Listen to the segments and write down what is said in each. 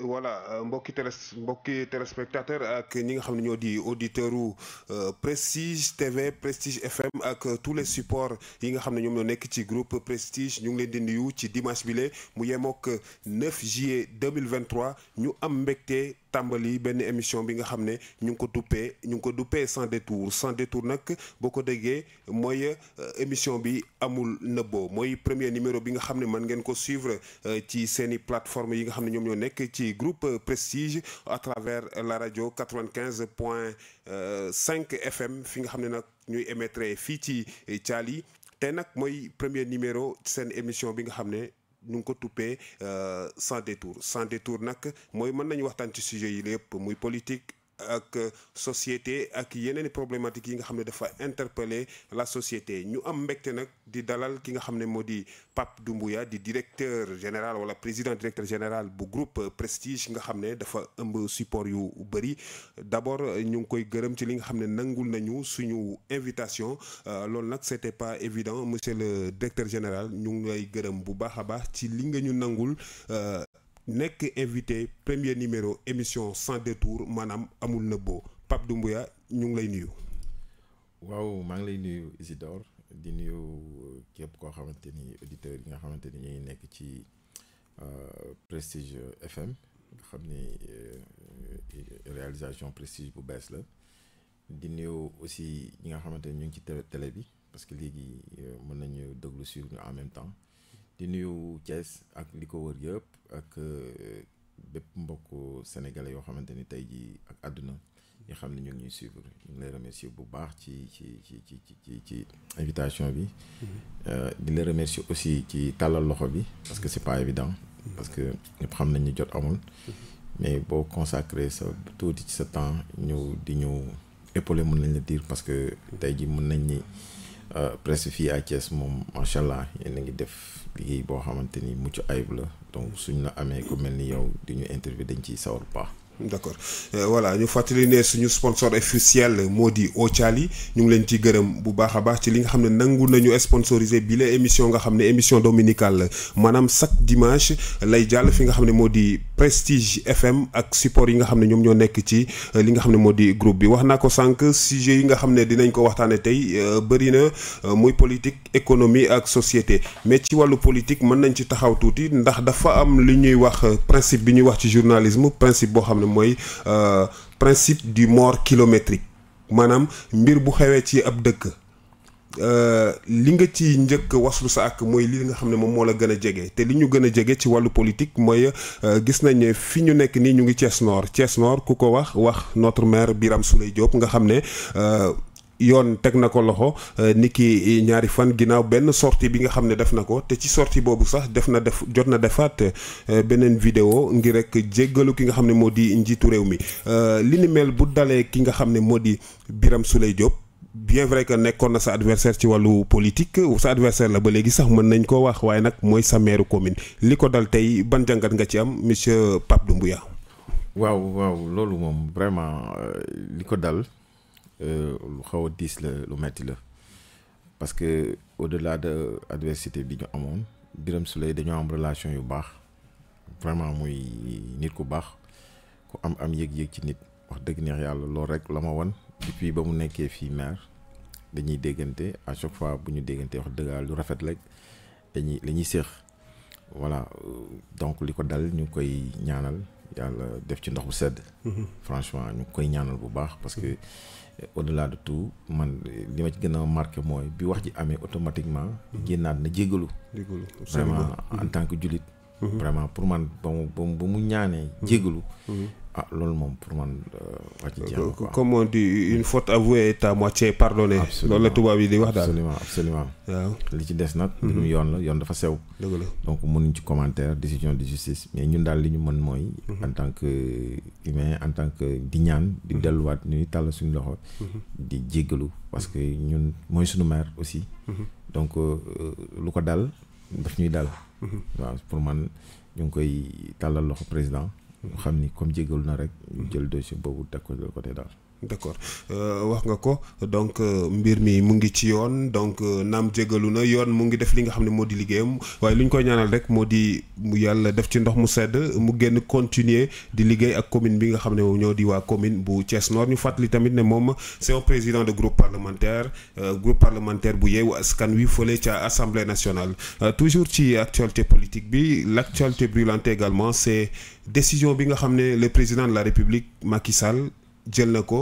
voilà euh, mbokki de mbokki et ak ñi ñoo di auditeurs euh, Prestige TV Prestige FM ak tous les supports yi nga xamni le ci groupe Prestige ñu ngi leen di nuyu ci dimanche bi le mu 9 juillet 2023 ñu am tambali ben émission bi nga xamné ne ñu ko duppee ñu ko duppee sans détour sans détour nak boko ko moy euh, émission bi amul nebo moy premier numéro bi nga xamné man ngeen ko suivre euh, ci seen plateforme yi nga xamné ñom ñoo nek ci groupe euh, Prestige à travers la radio 95.5 FM fi nga xamné nak ñuy émettre fi ci Thiali. té nak moy premier numéro seen émission bi nga xamné nous avons tout sans détour sans détour nous avons mën nañu waxtaan ci sujet politique ak société ak yeneen problématique problématiques yi nga xam ne dafa interpeller la société ñu am mbégte nag di dalal ki nga xam ne Pape Doumbouya di directeur général wala président directeur général bu groupe Prestige nga xam ne dafa ëmb support yu bëri d'abord ñu ngi koy gërëm ci li nga xam nangul nañu suñu invitation euh, loolu nag pas évident monsieur le directeur général nous avons lay gërëm bu baax baax ci li nga ñu nangul euh, nek invité premier numéro émission sans détour manam amul nebo Pape Doumbouya ñu ngi lay nuyu. waaw ma ngi lay nuyu Isidore di nuyu euh, képp koo xamante ni auditeurs yi nga xamante ni ñuy nekk ci euh, Prestige FM nga xam ni euh, réalisation Prestige bu bees la di nuyu aussi ñi nga xamante ni ñu ngi ci télé bi parce que léegi mën nañu déglu suivre ñu en même temps di nuyu Thiès ak li ko wër yëpp ak eh, bépp mbokku sénégalais yoo xamante ni tey jii ak àdduna yi xam ne ñu ngi ñuy suivre ñu ngi lay remercier bu baax ci ci ci ci ci ci invitation bi. Mm-hmm. Euh, di la remercier aussi ci tàllal loxo bi. parce que c'est pas évident. Mm-hmm. parce que ñëpp xam nañ ni jot amul. Mm-hmm. mais boo consacré sa tuuti ci sa temps ñëw di ñu épaulé mën nañ la dire parce que tey jii mën nañ ni euh, presse fii à Thiès moom macha allah yéen a ngi def liggéey boo xamante ni mucc ayib la donc suñ la amee ku mel ni yow di ñu interview dañ ciy sawar baax. d'accord euh, voilà ñu fàttali ne suñu sponsor officiel moo di Ocaali ñu ngi leen ci gërëm bu baax a baax ci li nga xam ne nangu nañu sponsoriser bi la émission nga xam ne émission dominicale la maanaam chaque dimanche lay jàll fi nga xam ne moo di. Prestige FM ak support yi nga xam ne ñoom ñoo nekk ci euh, li nga xam ne moo di groupe bi wax naa ko sànq sujet yi nga xam ne dinañ ko waxtaane tey euh, bëri na euh, muy politique économie ak société mais ci wàllu politique mën nañ ci taxaw tuuti ndax dafa am li ñuy wax principe bi ñuy wax ci journalisme principe boo xam ne mooy principe du mort kilométrique maanaam mbir bu xewee ci ab dëkk Euh, li nga ci njëkk waslu sa ak mooy li nga xam ne moom moo la gën a jege te li ñu gën a jege ci wàllu politique mooy euh, gis nañ ne fi ñu nekk nii ñu ngi Thiès Nord Thiès Nord ku ko wax wax notre maire Birame Souleye Diop nga xam ne euh, yoon teg na ko loxo ni ki ñaari fan ginnaaw benn sortie bi nga xam ne def na ko te ci sorti boobu sax def na def jot na defaat beneen vidéo ngir rek jéggalu ki nga xam ne moo di njiitu réew mi li ni mel bu dalee ki nga xam ne moo di biram su lay Diop bien vrai que nekkoon na sa adversaire ci walu politique ou sa adversaire la ba léegi sax meun nañ ko wax waye nak moy sa maire commune liko dal tay ban jangat nga ci am monsieur Pape Doumbouya. waaw waaw lolou mom vraiment euh, li dal euh, lu xaw dis le la lu metti le parce que au-delà de adversité bi ñu amoon Birame Souleye dañoo am relation yu bax vraiment muy nit ku bax ku am am yeg yeg ci nit wax deug neex yàlla loolu rek lama ma depuis ba mu nekkee fi mère dañuy déggante à chaque fois buñu ñu wax dëgg lu rafet rek dañuy la ñuy séex voilà euh, donc liko dal ñukoy ñaanal yalla def ci ndox bu sedd. Mhm. franchement ñukoy ñaanal bu baax parce que euh, au delà de tout man li ma ci gëna marqué moy bi wax ji amé automatiquement. Mhm. génnaat na jéggalu. jéggalu vraiment en tant que julit mhm. vraiment pour man ba mu ñaané mu ah loolu moom pour man wax ci jàmm comme on dit une faute avouée est à moitié pardonnée loolu la tubaab yi di wax daal absolument absolument waaw li ci des nag mhm. mbirum yoon la yoon dafa sew dëgg la donc mënuñ ci commentaire décision de justice mais ñun daal li ñu mën mooy mhm. en tant que humain en tant que di ñaan di mhm. delluwaat ñuy tàll suñu loxo di jéggalu parce que ñun mooy suñu maire aussi donc euh, euh, lu ko dal daf ñuy dal waaw pour man ñu ngi koy tàllal loxo président xam ni comme jégalu na rek ñu jël dossier boobu teg ko de côté daal. D'accord. accord euh, wax nga ko donc euh, mbir mi mu ngi ci donc euh, Nam jégalu na yoon mu ngi def li nga xam ne moo di liggéeyam koy ñaanal rek moo mu yàlla def ci ndox mu mu continuer di liggéey ak commune bi nga xam ñoo di waa commune bu Thiès Nord ñu fàttali tamit ne moom c' un président de groupe parlementaire groupe parlementaire bu yeewu askan wi fële ca assemblée nationale. toujours ci actualité politique bi l' brûlante également c'est décision bi nga le président de la république Macky Sall jël na ko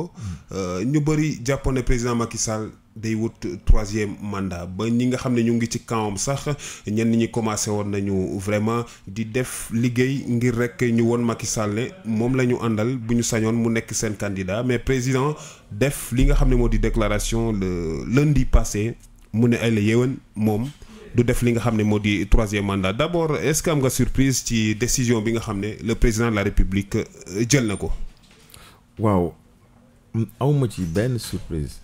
euh, ñu bëri jàppoon ne président Macky Sall day wut troisième mandat ba ñi nga xam ne ñu ngi ci kawam sax ñen ñi commencé woon nañu vraiment di def liggéey ngir rek ñu won Macky Sall ne moom la ñu àndal bu ñu sañoon mu nekk seen candidat mais président def li nga xam ne di déclaration le lundi passé mu ne ay la yéwén moom du def li nga xam ne moo di troisième mandat d' abord est ce que am nga surprise ci décision bi nga xam le président de la république euh, jël na waaw awma ci une surprise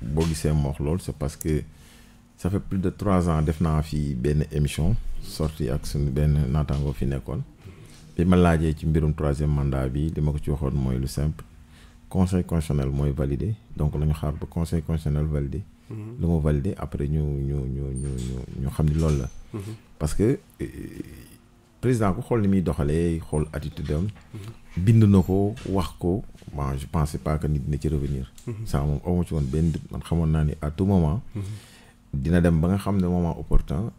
boo c'est ma wax c'est parce que ça fait plus de trois ans def naa fi une émission sorti ak ben benn naataango fi nekkoon bi ma laajee ci mbirum troisième mandat bi li ma ko ci le lu simple conseil constitutionnel mooy validé donc on xaar ba conseil constitutionnel validé mhm. lu validé après nous ñu ñu ñu ñu ñu mhm. parce que président ko xol ni mi doxalee xol attitude am bind na ko wax ko bon je pensais pas que nit dina ci revenir mhm. ça mom amu ci won ben man xamone na ni à tout moment mhm. dina dem ba nga xam moment opportun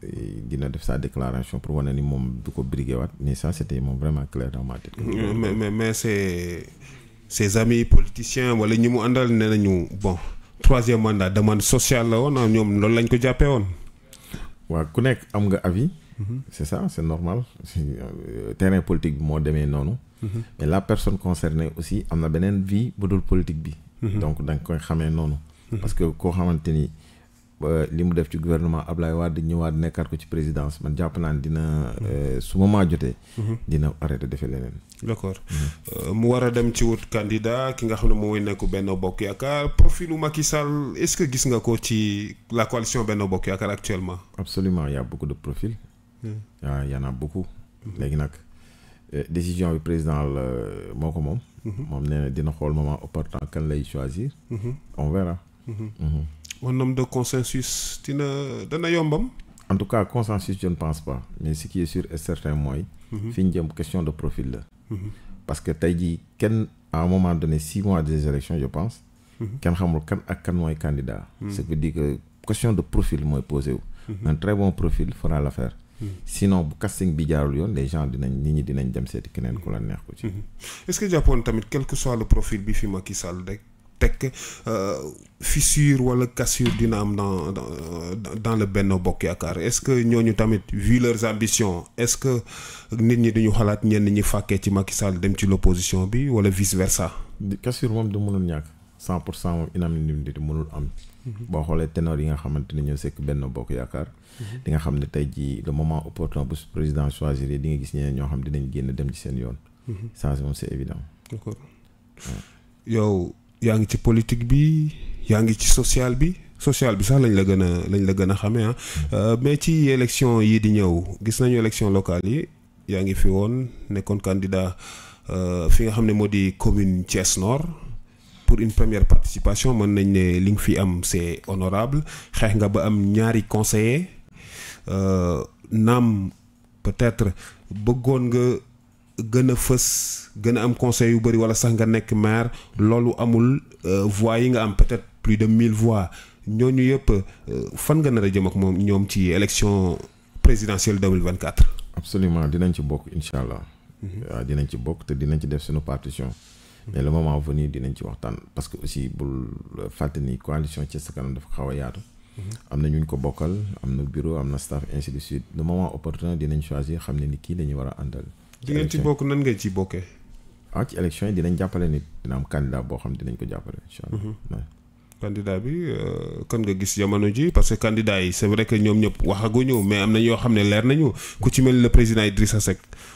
dina def sa déclaration pour wane ni mom du ko briguer wat mais ça c'était mom vraiment clair dans ma tête euh, mais mais mais c'est ses amis politiciens wala ñi mu andal nee nañu bon troisième mandat demande sociale la woon ñoom loolu lañ ko jappé won wa ku nek am nga avis Mhm. c'est ça c'est normal euh, terrain politique bi moo demee mhm. mais la personne concernée aussi elle a une vie politique bi mhm. donc da nga koy xamee noonu parce que quand on ni li mu def ci gouvernement Ablaye Wade ñëwaat nekkaat ko ci présidence man jàpp dit ne dina euh, su moment jotee dina arrêté defee leneen d'accord euh, mu war a dem ci wut candidat ki nga xam ne mooy nekk Benno Bokk Yaakaar profilu Macky Sall est-ce que gis nga ko ci la coalition Benno Bokk Yaakaar actuellement absolument il y a beaucoup de profils il y en a beaucoup. mais mm-hmm. nag eh, décision du président le euh, moo ko moom. Mm-hmm. moom dina xol moment opportun kan lay choisir. Mm-hmm. on verra. un homme de consensus dina dana yombam. en tout cas consensus je ne pense pas mais ce qui est sûr est certain moi fi question de profil parce que tu as dit à un moment donné six mois des élections je pense. ken xamul kan ak kan moy candidat. c'est que veut dire que question de profil moy posé un très bon profil fera l'affaire sinon casting bi jaarul les gens dinañ nit ñi dem mm-hmm. est-ce que japon tamit quel que soit le profil bi fi Macky rek euh, fissure cassure dina am dans dans euh, le Benno Bokk est-ce que tamit vu leurs ambitions est-ce que nit ñi vous ci dem ci l'opposition bi vice versa. cassure moom du mënul ñàkk. 100 pour cent mënul am. boo xoolee ténor yi nga xamante ne ñoo sekk benn bokk yaakaar. di nga xam ne tey jii le moment opportun bu président choisir di nga gis ñeneen ñoo xam dinañ génn dem ci seen yoon. ça moom c'est évident. yaa ngi ci politique bi yaa ngi ci social bi. social bi sax lañ la gën a lañ la gën a xamee ah mais ci élection yi di ñëw gis nañu élection locale yi yaa ngi fi woon nekkoon candidat euh, fi nga xam ne moo di commune Thiès Nord. une première participation man am c'est honorable xex ba am conseiller euh, peut-être nga am conseil yu wala sax nga maire amul euh, voix yi peut-être plus de mille voix ñooñu yëpp euh, fan nga jëm élection présidentielle 2024 absolument dinañ ci bokk mhm. dinañ ci bokk te mais le moment venu dinañ ci waxtaan parce que aussi bul fàtte ni coalition ci sa kanam dafa xaw a yaatu. Mhm. am na ñuñ ko bokkal am na bureau am na staff ainsi de suite le moment opportun dinañ choisir xam ne ni kii la war a àndal. di ngeen ci bokk nan ngeen ci bokkee. ah ci élection yi dinañ jàppale nit dina am boo xam dinañ ko jàppale incha allah. Mhm. candidat bi euh, kan nga gis jamono ji parce que candidat yi c'est vrai que ñoom ñëpp waxaguñu mais am na ñoo xam ne nañu ku ci mel le président Idrissa Seck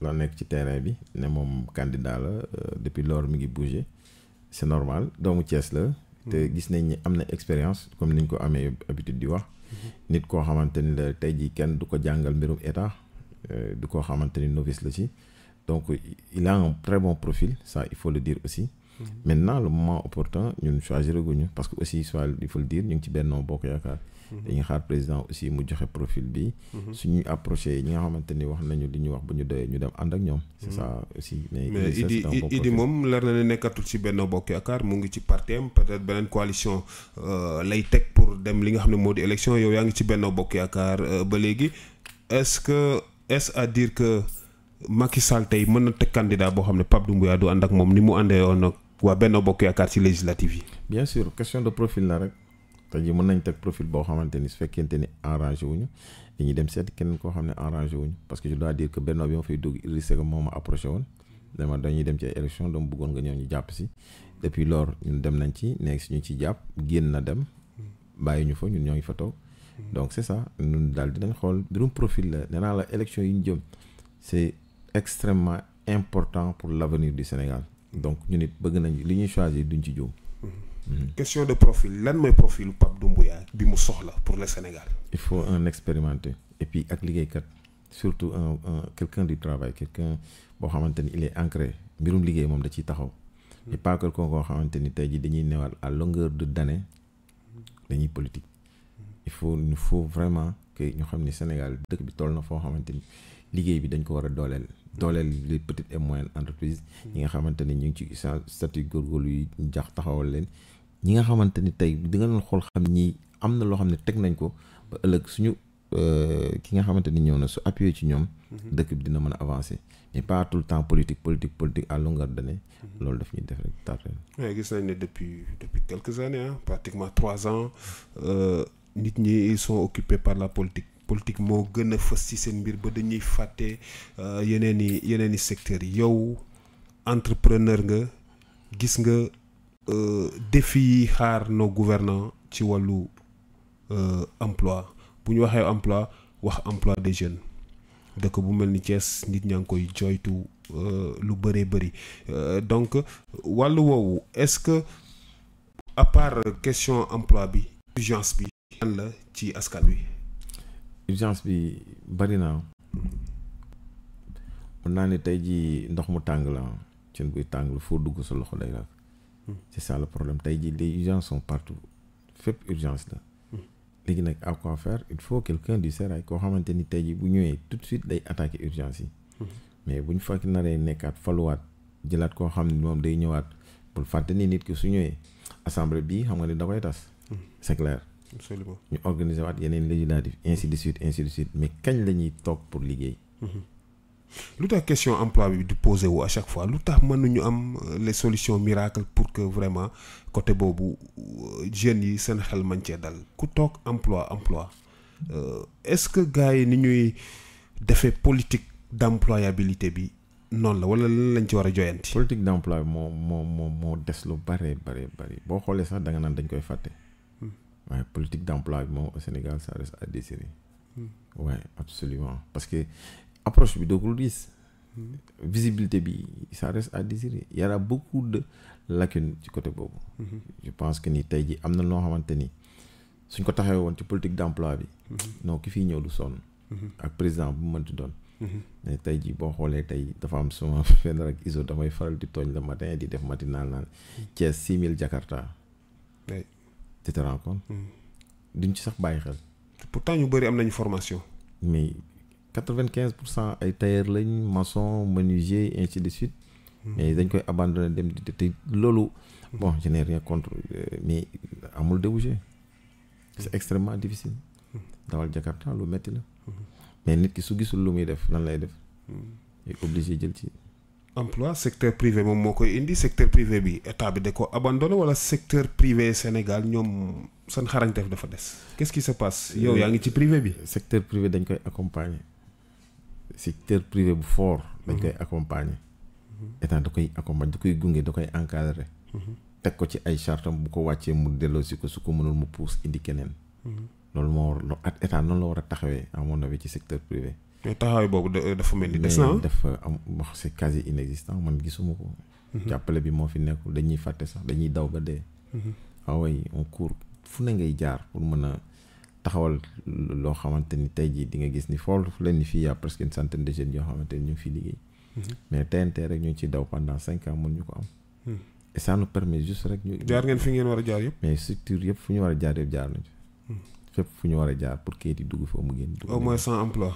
la nek ci terrain bi ne mom candidat la euh, depuis lors mi ngi bouger c'est normal doomu Thiès la. te mm-hmm. gis nañ ni expérience comme niñ ko amé habitude di wax. Mm-hmm. nit ko xamanteni ni la tey jii kenn du ko jàngal mbirum état euh, du koo xamanteni novice la ci donc il a un très bon profil ça il faut le dire aussi maintenant le moment opportun nous choisir parce que aussi il faut le dire ñu sommes ci Benno Bokk Yaakaar mhm. dañuy xaar président aussi mu profil bi mhm. si nous ñi wax nous sommes wax c'est mhm. ça aussi mais il Idi mom de ne ci Benno Bokk mu ngi ci peut-être une coalition euh, lay tech pour dem li nga xam élection yow ci Benno Bokk euh, est-ce que est-ce à dire que Macky Sall tay candidat bo Pape Doumbouya du and ak mom ni mu wa Benno Bokk Yaakaar ci législative yi. bien sûr question de profil la rek tey jii mën nañ teg profil boo xamante ni su fekkente ni arrangé wuñu dañuy dem seet keneen koo xam ne arrangé wuñu parce que je dois dire que Benno bi ma fay dugg il Seck moo ma approché woon dama dañuy dem ci élection dama bëggoon nga ñëw ñu jàpp si depuis lors ñun dem nañ ci nekk si ñu ci jàpp génn na dem bàyyi ñu fa ñun ñoo ngi fa toog donc c' est ça ñun daal dinañ xool mbirum profil la nee naa la élection yi ñu jëm c' est extrêmement important pour l' avenir du Sénégal donc ñu nit bëgg nañ li ñuy choisir duñ ci joom mhm. question de profil lan mooy profil Pape Doumbouya bi mu soxla pour le Sénégal. il faut un expérimenté et puis ak kat surtout un un quelqu'un du travail quelqu'un boo xamante ni il est ancré mbirum liggéey moom da ciy taxaw. Mhm. et pas quelqu'un koo xamante ni tey jii dañuy newal à longueur de d'année dañuy politique. Mhm. il faut il faut vraiment que ñu xam ni Sénégal dëkk bi toll na foo xamante ni liggéey bi dañ ko war a dooleel dans les petites et moyennes entreprises hmm. ñi nga xamante ñu statut jax taxawal leen nga di nga xam nañ ko euh, su hmm. mais pas tout le temps politique politique politique à longueur hmm. daf ñuy def rek depuis quelques années hein, pratiquement trois ans euh, nit ñi ils sont occupés par la politique politique moo gën a fës ci seen mbir ba dañuy fàtte euh, yeneen i yeneen i secteurs yi yow entrepreneur nga gis nga euh, défi yi xaar nos gouvernants ci wàllu euh, emploi bu ñu waxee emploi wax emploi des jeunes dëkk bu mel ni Thiès nit ñaa ngi koy jooytu lu bëree bëri donc wàllu woowu est-ce que à part question emploi bi urgence bi lan la ci askan wi urgence bi bari na mun naa ne tey jii ndox mu tàng la cin buy tàng la foo dugg sa loxo day lakk hmm. c'est ça le problème tey jii les urgences sont partout fépp urgence la hmm. léegi nag à quoi faire il faut quelqu'un du sérail koo xamante ni tey jii bu ñëwee tout de suite day attaquer urgence yi hmm. mais buñ ñu fekk naree nekkaat faluwaat jëlaat koo xam ne moom day ñëwaat pour fàtte ni nit ki su ñëwee assemblée bii xam nga ni da koy tas c'est clair absolument ñu organiser waat yeneen législatif ainsi de suite ainsi de suite mais kañ la ñuy toog pour liggéey. Mhm. lu tax question emploi bi di posé wu à chaque fois lu tax mënuñu am euh, les solutions miracles pour que vraiment côté boobu euh, jeunes yi seen xel mën cee dal ku toog emploi emploi euh, est-ce que gars yi ni ñuy defee politique d'employabilité bi noonu la wala lan lañ ci war a joyanti. politique d'emploi moo moo moo moo des lu bare bare bare boo xoolee sax da nga naan dañ koy fàtte. Ouais, politique d'emploi au Sénégal, ça reste à désirer. Hmm. Oui, absolument. Parce que approche de Gourdis, la visibilité, ça reste à désirer. Il y aura beaucoup de lacunes du côté Bobo. Hmm. Je pense que ni Taïdi, Amna si nous avons une politique d'emploi, hmm. non, qui finit au son, avec le président, vous m'en donne. mais dafa am matinal Jakarta tu te rends compte. Hmm. duñ ci sax bàyyi xel. pourtant ñu bëri am nañu formation. mais 95% pour cent ay tailleur lañ maçon menuisier ainsi de suite. Hmm. mais dañ koy abandonné dem di hmm. bon je n'ai rien contre euh, mais amul débouché. c'est extrêmement difficile. dawal Jakarta lu metti la. mais nit ki su gisul lu muy def nan lay def. est obligé jël ci emploi secteur privé moom moo indi secteur privé bi état bi da ko abandonné wala secteur privé Sénégal ñom seen xarañteef dafa dess qu'est-ce qui se passe yow yaa ngi ci privé bi euh, secteur privé dañ koy accompagner secteur privé bu fort dañ koy mhm. accompagner mhm. état da koy accompagner da koy gungé da koy encadrer mhm. tek ko ci ay chartam bu ko wàccee mu délo ci ko su ko mënul mu pousse indi kenen loolu mo war at état noonu la war a à mon avis ci secteur privé mais taxawaay boobu eh, dafa mel ni des na ah. dafa am wax c'est quasi man gisuma ko. Mhm. jàppale bi moo fi nekkul dañuy fàtte sax dañuy daw ba dee. waaw mhm. ah waay fu ne ngay jaar pour mën a taxawal loo xamante ni tey jii di gis ni foofu leen ni fii y a presque une de jeunes yoo xamante ni ñu ngi fiy liggéey. Mhm. mais TNT rek ñu ngi ciy daw pendant cinq ans mën ñu ko am. et ça nous permet juste rek ñu. jaar ngeen fi ngeen war a jaar yëpp. mais structure yëpp fu ñu war a jaar yëpp jaar nañu. fépp fu ñu war a jaar pour kayit di dugg fa mu génn. au moins san emploi.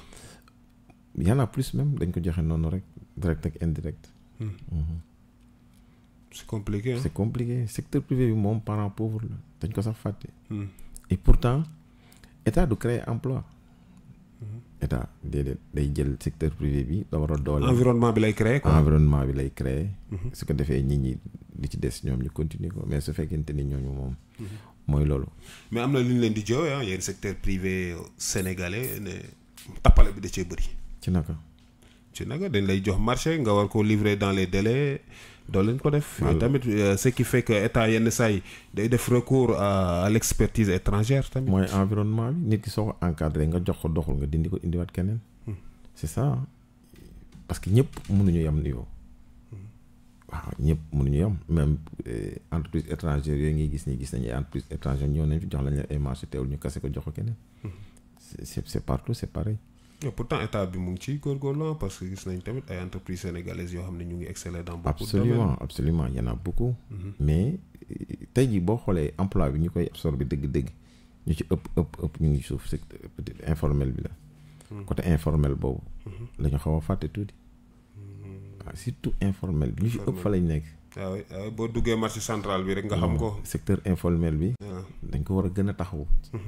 Il y en a plus même dañ ko joxe noonu direct et indirect. Hmm. Mhm. c'est compliqué hein. c'est compliqué secteur privé mon parent pauvre la dañ ko sax hmm. et pourtant état de créer emploi. Hmm. état déedéet day jël secteur privé bi da war L'environnement doole. environnement bi lay créer quoi environnement bi lay créer. ce que defee nit ñi li ci des ñoom ñu continue ko mais su fekkente ni ñooñu moom. mooy loolu. mais am na lu ñu leen di joowee ah hein. secteur privé sénégalais ne tappale bi da cee bëri ci naka. ci naka dañ lay jox marché nga war ko livrer dans les délais doo leen ko def. tamit euh, ce qui fait que état yenn saa day def recours à l' expertise étrangère tamit. mooy environnement bi nit ki soo ko encadré nga jox ko doxul nga dindi ko indiwaat keneen. Hmm. c' est ça hein? parce que ñëpp mënuñu yam niveau. waaw ñëpp mënuñu yam même euh, entreprise étrangère yooyu ngay gis ni gis nañu entreprise étrangère ñëw nañ fi jox lañ leen ay marché teewul ñu kase ko jox ko keneen. Hmm. c' est c' est partout c' est pareil pourtant état bi mu ngi gor góorgóorlu parce que gis nañ tamit ay entreprises sénégalaises yo xam ñu ngi exceller dans beaucoup de domaines absolument absolument il y en a beaucoup. Mhm. mais tay jii bo xolé emploi bi ñukoy absorber deug deug ñu ci ëpp ëpp ëpp ñu ngi suuf secteur informel bi la. Mhm. côté informel boobu. Mhm. la ñu xaw a fàtte tuuti. waaw ah, surtout informel ñu ci ëpp fa lañ nekk. waaw ah ah waaw boo duggee marché central bi rek nga xam mm. ko. secteur informel bi. dañ ko wara gëna taxaw a taxawu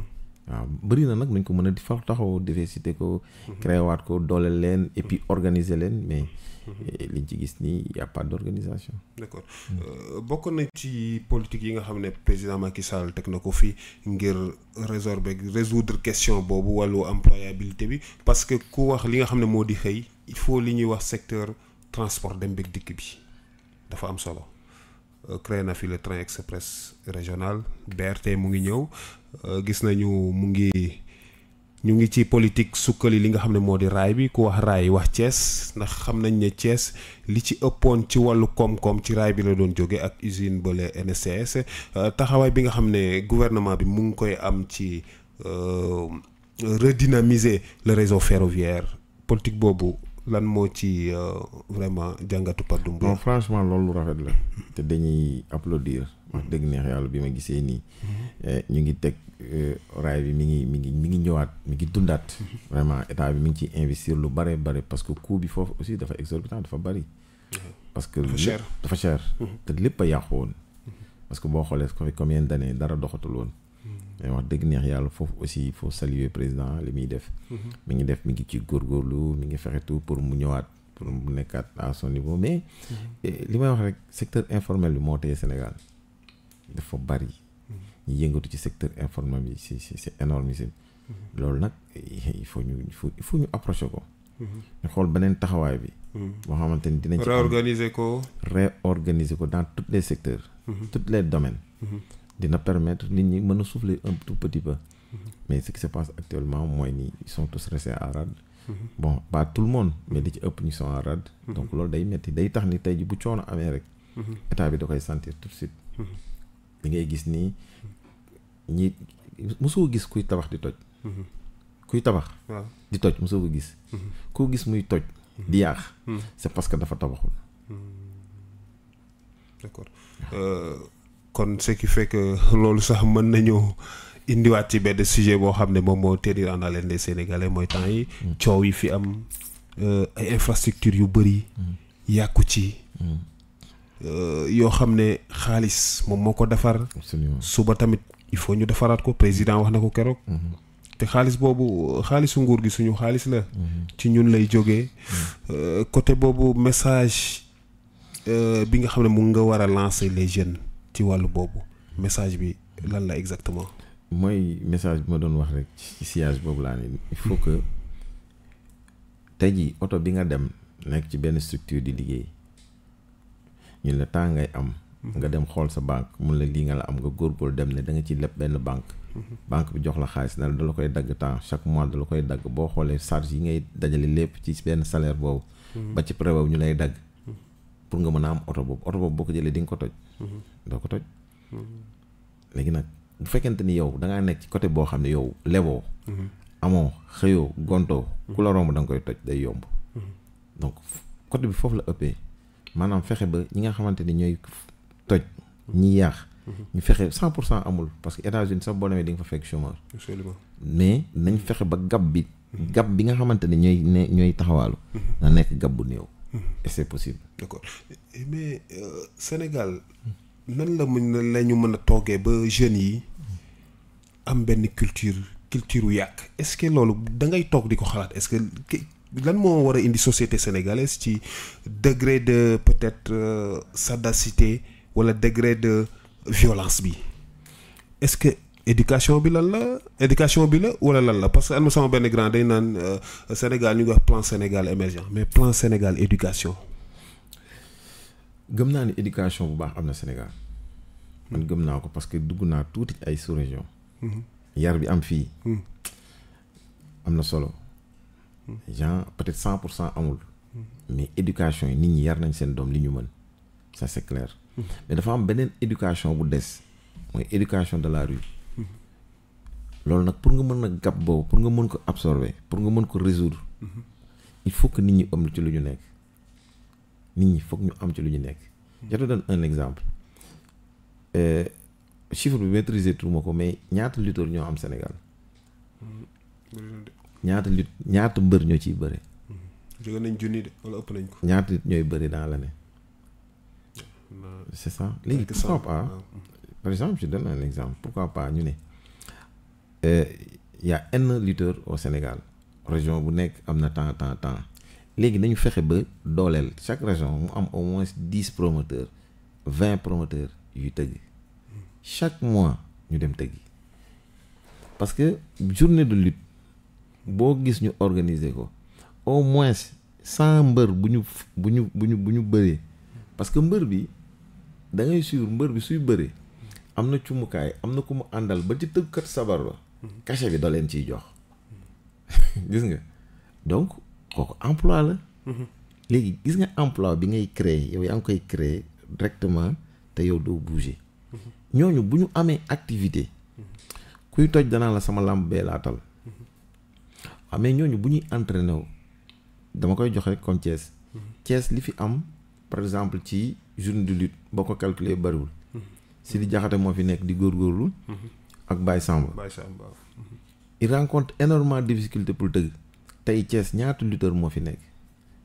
waaw bëri na nag nañ ko mën a fa taxaw diversité ko mhm. créé waat ko dooleel leen et puis mhm. organiser leen mais mhm. liñ ci gis ni y a pas d'organisation d'accord mm. euh, bokk na ci politique yi nga xam ne président Macky Sall teg na ko fii ngir résorber résoudre question boobu wàllu employabilité bi parce que ku wax li nga xam ne moo di xëy il faut li ñuy wax secteur transport dem beeg dikk bi dafa am solo euh, créé na fi le train express régional BRT mu ngi ñëw Euh, gis nañu mu ngi ñu ngi ci politique sukkali li nga xam ne moo di raay bi ku wax raay wax cees ndax xam nañ ne Thiès li ci ëppoon ci wàllu koom-koom ci raay bi la doon jóge ak usine bële NSCS euh, taxawaay bi nga xam ne gouvernement bi mu ngi koy am ci euh, redynamiser le réseau ferroviaire politique boobu lan moo ci euh, vraiment jàngatu Pape Doumbouya. non franchement loolu rafet la. te dañuy applaudir wax dëgg neex yàlla bi ma gisee nii. Mhm. Eh, ñu ngi teg euh, raay bi mi ngi mu ngi mi ngi ñëwaat mi ngi dundaat. Mhm. vraiment état bi mu ngi ci investir lu bare bare parce que coût bi foofu aussi dafa exorbitant dafa bari. parce que dafa cher dafa cher. Mhm. te lépp a yàqu woon. parce que boo xoolee ko fi combien d'années dara doxatul woon. mais wax aussi il faut saluer président mhm. def. mi ngi def tout pour mu pour à son niveau mais. Mhm. Eh, secteur informel Sénégal bari. Mhm. yëngatu ci secteur informel il faut ñu il faut il faut ñu approcher réorganiser réorganiser dans tous les secteurs. tous les domaines dina permettre nit ñi mën a souffler un tout petit peu. Mhm. mais ce qui se passe actuellement moi, ni ils sont tous restés à rade. Mhm. bon pas tout le monde mais li ci ëpp sont à rade. Mhm. donc loolu day metti day tax ni tey ji bu coono amee rek. état bi da koy sentir tout de suite. li ngay gis nii ñi mosoo gis kuy tabax di toj. kuy tabax. di toj mosoo ko gis. koo gis muy toj. di yàq. c'est parce que dafa tabaxul. d'accord. kon ce qui fekk loolu sax mën nañu indiwaat ci benn sujet boo xam ne moom moo tenir en haleine de sénégalais mooy temps yi mm. coow yi fi am euh, ay infrastructure yu bëri mm. yàqu ci mm. euh, yoo xam ne xaalis moom moo ko defar suba tamit il faut ñu defaraat ko président wax na ko keroog mm-hmm. te xaalis boobu xaalisu nguur gi suñu xaalis la mm-hmm. ci ñun lay jógee euh, côté boobu message bi nga xam ne mu nga war a les jeunes ci wàllu boobu message bi lan la exactement. mooy message bi ma doon wax rek ci sillage boobu laa ne il faut que tey jii oto bi nga dem nekk ci benn structure di liggéey ñu la temps ngay am. nga dem xool sa banque mun la lii nga la am nga góor góorgóor dem ne da nga ci leb benn banque. banque bi jox la xaalis na da la koy dagg temps chaque mois da la koy dagg boo xoolee charge yi ngay dajale lépp ci benn salaire boobu. ba ci pré boobu ñu lay dagg. pour nga mën a am oto boobu oto boobu boo ko jëlee di ko toj. Mm-hmm. doo ko toj. Mm-hmm. léegi nag bu fekkente ni yow dangaa nekk ci côté boo xam ne yow leboo. Mm-hmm. amoo xëyoo gontoo. ku la romb da nga koy toj day yomb. donc côté bi foofu la ëppee maanaam fexe ba ñi nga xamante ni ñooy toj. ñi yaax. ñu fexe cent pour cent amul parce que États-Unis sax boo demee di nga fa fekk chômeur. mais nañ fexe ba gab bi. gab bi nga xamante ni ñooy ñooy taxawaalu. na nekk gab bu néew. c'est possible. d'accord mais euh, Sénégal nan la mën la ñu mën a ba jeunes yi am ben culture culture yu est ce que lolu da ngay tok diko xalat est ce que lan mo wara indi société sénégalaise ci degré de peut être euh, sadacité wala degré de violence bi est ce que éducation bi lan la éducation bi la wala lan la parce que elle nous sama ben grand day nan euh, Sénégal ñu wax plan Sénégal émergent mais plan Sénégal éducation. gëm na ni éducation bu baax Sénégal. man gëm naa parce que dugg n'a tout ay sous-région. Mhm. yar bi am fi mhm. am solo. gens peut-être 100% amul. Mhm. mais éducation ni nit ñi yar nañ seen doom li ñu mën. ça c'est clair. mais dafa am benen éducation bu des. moy éducation de la rue loolu nag pour nga mën a gab boobu pour nga mën ko absorber pour nga mën ko résoudre il faut que nit ñi am ci lu ñu nekk nit ñi foog ñu am ci lu ñu nekk. je te un exemple euh, chiffre bi maîtriser tuuma ko mais ñaata lutteurs ñoo am Sénégal. ñaata lut ñaata mbër ñoo ciy bëre. jóge nañ junni de wala ëpp nañ ko. ñaata ñooy bëri dans l'année. c'est ça léegi pourquoi pas par exemple je donne un exemple pourquoi pas ñu ne il euh, y a un lutteur au Sénégal région où nous tant tant tant nous chaque région au moins 10 promoteurs 20 promoteurs chaque mois nous parce que journée de lutte si nous ñu au moins nous parce que mbër bi da ngay suivre sont bi suy cachet bi doo leen ciy jox gis nga donc kooku emploi la mhm. léegi gis nga emploi bi ngay créer yow yaa ngi koy créer directement te yow doo bouger mhm. ñooñu bu ñu amee activité mhm. kuy toj danaa la sama làmb bee laa tal waaw mais ñooñu bu ñuy entraîné dama koy jox comme Thiès Thiès li fi am par exemple ci journée de lutte boo ko calculer bariwul si di jaxate moo fi nekk di góorgóorlu ak Baye Samba. Baye Samba. Mhm. il rencontre énormément de pour tëgg tey cees ñaata lutteur moo fi nekk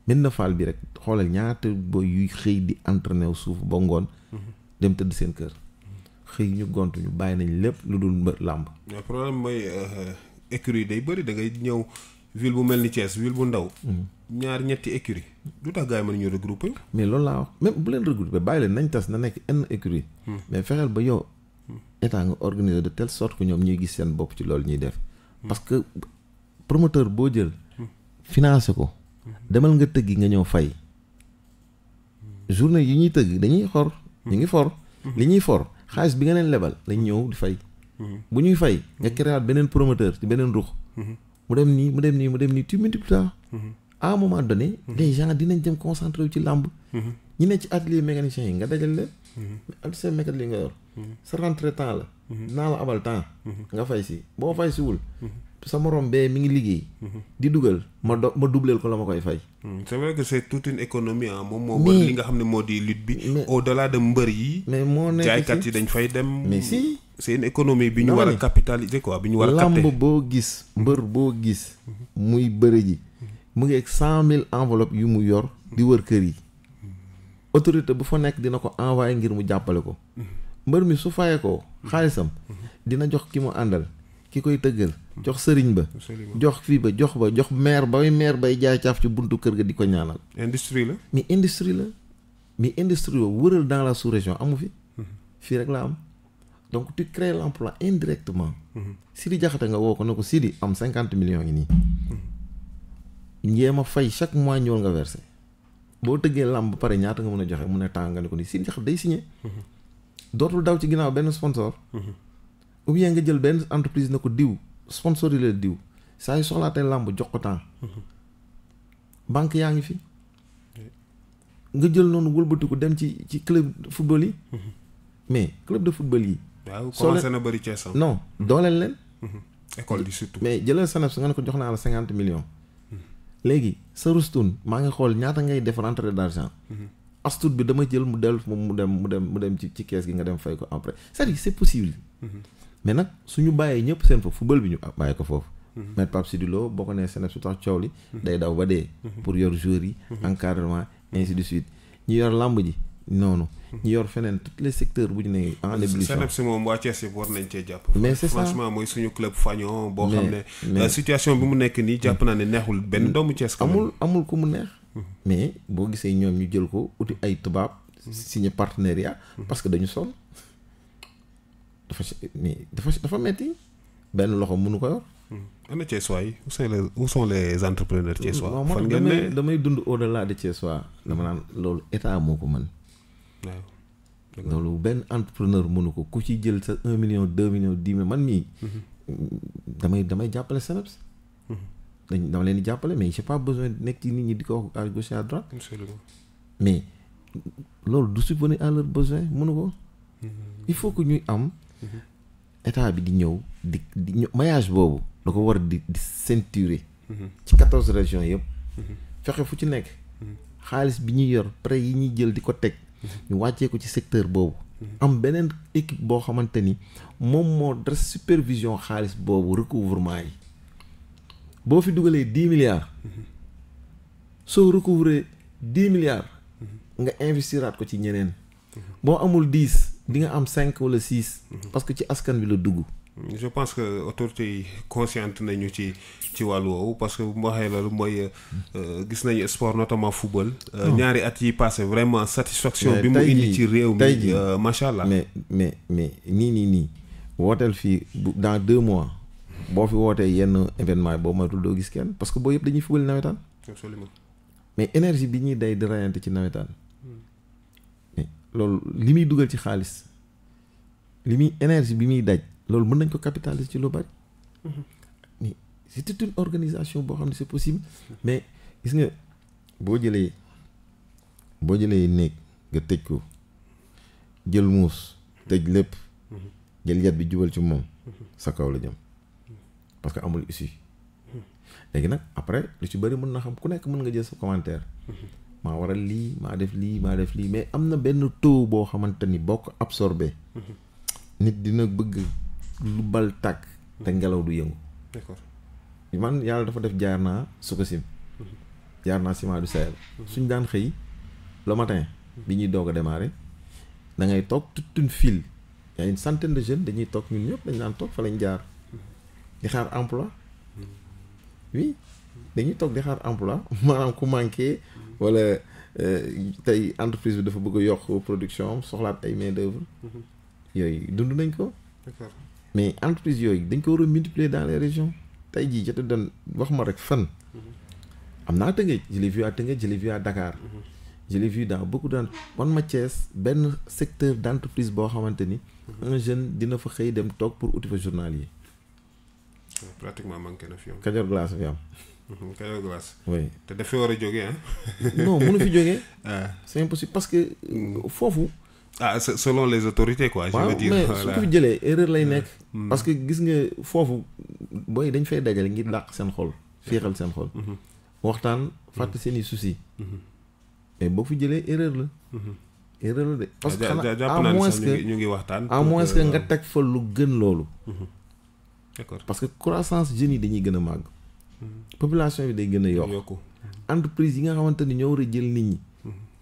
mën na faal bi rek xoolal ñaata booy yuy xëy di entraîné wu suuf ba ngoon. Mhm. dem tëdd seen kër. xëy ñu gont bàyyi nañ lépp lu dul mbër làmb. problème mooy euh, écurie day bëri da ngay ñëw ville bu mel ni Thiès ville bu ndaw. Mhm. ñaar ñetti écurie du tax gars yi mën ñoo regroupé. mais loolu laa wax même bu leen regroupé bàyyi leen nañ tas na nekk enn écurie mais fexeel ba yow état nga organiser de telle sorte que ñoom ñuy gis seen bopp ci loolu ñuy def. Hmm. parce que promoteur boo jël. Hmm. financé ko. Hmm. demal nga tëggi nga ñëw fay. journée yi ñuy tëgg dañuy xor. ñu ngi for. li ñuy for xaalis bi nga leen lebal lañ ñëw di fay. bu ñuy fay nga créé beneen promoteur ci beneen ruux. mu dem nii mu dem nii mu dem nii tu multiplies à un moment donné. les gens dinañ ci làmb. ñi ne ci atelier mécanicien yi nga dajal leen. Mhm. mais at seen mécat li nga yor. Mhm. sa rentrée temps la. dinaa mhm. la abal temps. nga fay si boo fay siwul. sa morom bee mi ngi liggéey. di dugal ma do ma doubleel ko la ma koy fay. c'est vrai que c'est toute économie ah moom moo. war li nga xam ne moo di lit bi. au delà de mbër yi. mais moo nekk jaaykat yi dañ fay dem. mais si seen économie bi ñu war a capitaliser quoi bi ñu war a. capter lamb boo gis mbër boo gis. muy bëre ji. mu ngi cent mille enveloppe yu mu yor. di wër kër yi. autorité bu fa nekk dina ko envoyé ngir mu jàppale ko. mbër mi su fayee ko xaalisam. dina jox ki mu àndal ki koy tëggal. jox sëriñ ba. jox fii ba jox ba jox maire bay maire bay jaay caaf ci buntu kër gi di ko ñaanal. industrie la. mais industrie la mais industrie boobu wëral dans la sous-région amu fi. fii rek la am donc tu crées l'emploi indirectement. Sidi Diakhaté nga woo ko ne ko di am cinquante million ngi nii. njéem a fay chaque mois ñëwal nga versé. boo tëggee làmb pare ñaata nga mën a joxe mun a temps nga ne ko ni Sine day signé. dootul daw ci ginnaaw benn sponsor. ou bien nga jël benn entreprise na ko diw sponsor yi la diw saa yu soxlaatee làmb jox ko temps. banque yaa ngi fi. nga jël noonu wëlbatiku dem ci ci club football yi. mais club de football yi. waaw commencé na bëri Thiès non dooleel leen. école bi surtout. mais jëlal Sanef nga ne ko jox naa la cinquante million léegi sa rustun maa ngi xool ñaata ngay def rentrée d'argent mhm. astut bi dama jël mu del moom mu dem mu dem mu dem ci ci kees gi nga dem fay ko après c'est-à-dire c'est possible mhm. mais nag suñu bàyyee ñëpp seen foofu football bi ñu ah, bàyyi ko foofu mhm. maître Pape Sidi Lo boo ko nee Sénégal su tax coow li day daw ba dee pour yor joueurs yi encadrement ainsi de suite ñu yor lamb ji Non, non. Il y tous les secteurs né en ébullition mais c'est ça franchement moy suñu club fagnon. bo xamné situation bi mu ni japp na amul amul ku mu mm-hmm. mais bo le ñom ñu jël ko outil ay tubab mm-hmm. signé partenariat. Mm-hmm. parce que dañu sommes... dafa dafa metti ben loxo mënu ko yor. ana où sont les sont les entrepreneurs fan damay dund au delà de Thiessois dama état waaw. loolu benn entrepreneur mënu ko million deux millions dix millions man mii. Mhm. damay damay mhm. dañ pas besoin de ci nit ñi à gauche à droite. mais loolu du subvenir à leurs besoins mhm. il faut que ñuy am. état bi di maillage ceinturer. régions yëpp. fexe fu ci bi ñuy yor ñu wàccee ko ci secteur boobu am beneen équipe boo xamante ni moom de dres supervision xaalis boobu recouvrement yi si fi dugalee 10 milliards tu recouvré 10 milliards nga investiraat ko ci ñeneen boo amul 10 di nga am 5 ou 6 parce que ci askan bi de dugg je pense que autorité yi consciente nañu ci ci walu woowu parce que bu ma waxee loolu mooy euh, euh, gis nañu sport notamment football. Euh, ñaari at yi passé vraiment satisfaction. bi mu indi ci réew mi macha mais mais mais ni ni ni wooteel fi dans deux mois bo fi woté yenn événement bo boo matul gis kenn parce que bo yépp dañuy football nawetaan. absolument mais énergie bi ñi day di rayante ci nawetaan. Hmm. mais loolu li muy ci xaliss limi énergie bi mi daj. loolu mën nañ ko capitaliser ci lu bari mhm. ni c'est toute une organisation boo xam ne c'est possible mais gis nga boo jëlee boo jëlee néeg nga tëj ko jël muus tëj lépp mhm. jël yat bi jubal ci moom mhm. sa kaw la jëm parce que amul issue léegi nag après lu ci bëri mën na xam ku nekk mën nga jël sa commentaire maa waral lii maa def lii maa def lii mais am na benn taux boo xamante ni boo ko absorbé nit dina bëgg lu bal tàkk. te hmm. ngelaw du yëngu. d'accord man yàlla dafa def jaar naa Sococim. Hmm. jaar naa Ciments du Sahel. Hmm. suñ daan xëy le matin. bi ñuy doog a démarrer da ngay toog toute une de jeune dañuy toog ñun yëpp dañ daan toog fa jaar di xaar emploi oui dañuy toog di xaar emploi maanaam ku manqué wala euh, tey entreprise bi dafa bëgg yokk production soxlaat ay main d'œuvre yooyu dund nañ ko. mais entreprises yooyu dañ ko war a multiplier dans les régions tey jii jota doon wax ma rek fan mm-hmm. am naa Tëngéej je l'ai vu à Tengue, je l'ai vu à Dakar mm-hmm. je l'ai vu dans beaucoup dans bon ma Thiès benn secteur d' entreprise boo mm-hmm. un jeune dina fa xëy dem toog pour Outil fa journalier pratiquement manqué na fi am de Glace fi am de Glace oui te dafay war a jógee ah non mënu fi jógee ah. c'est impossible parce que mm. foofu ah selon les autorités quoi. je veux dire mais su ko jëlee erreur lay hmm. nekk. Hmm. parce que gis nga fofu boy dañ fay dajale ngir dàq sen xol. féexal sen xol. Hmm. waxtan fàtte seen souci mais bo fi jëlee erreur la. erreur la de parce que xanaa à moins que ñu ngi waxtan à moins que nga teg fa lu gën lolu d'accord parce que croissance jeunes dañuy gëna mag population bi day gëna yok entreprise yi nga xamante ni ñoo war jël nit ñi.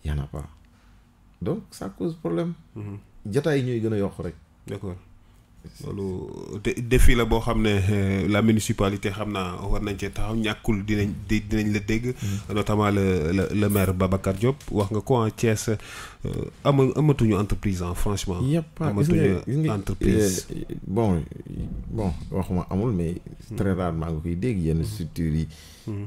y en pas donc ça cause problème. Mhm. jataay yi ñuy gën a yokk rek. d' accord loolu défi la boo xam ne euh, la municipalité xam naa war nañ cee taxaw ñàkkul dinañ dinañ la dégg. Mm-hmm. notamment le le le maire Babacar Diop wax nga quoi en ah, Thiès euh, ama amatuñu entreprise hein, franchement. y' a pas amatuñu entreprise. Euh, bon bon waxuma amul mais. Mm-hmm. très rarement nga koy dégg yenn structures yi. Mm-hmm.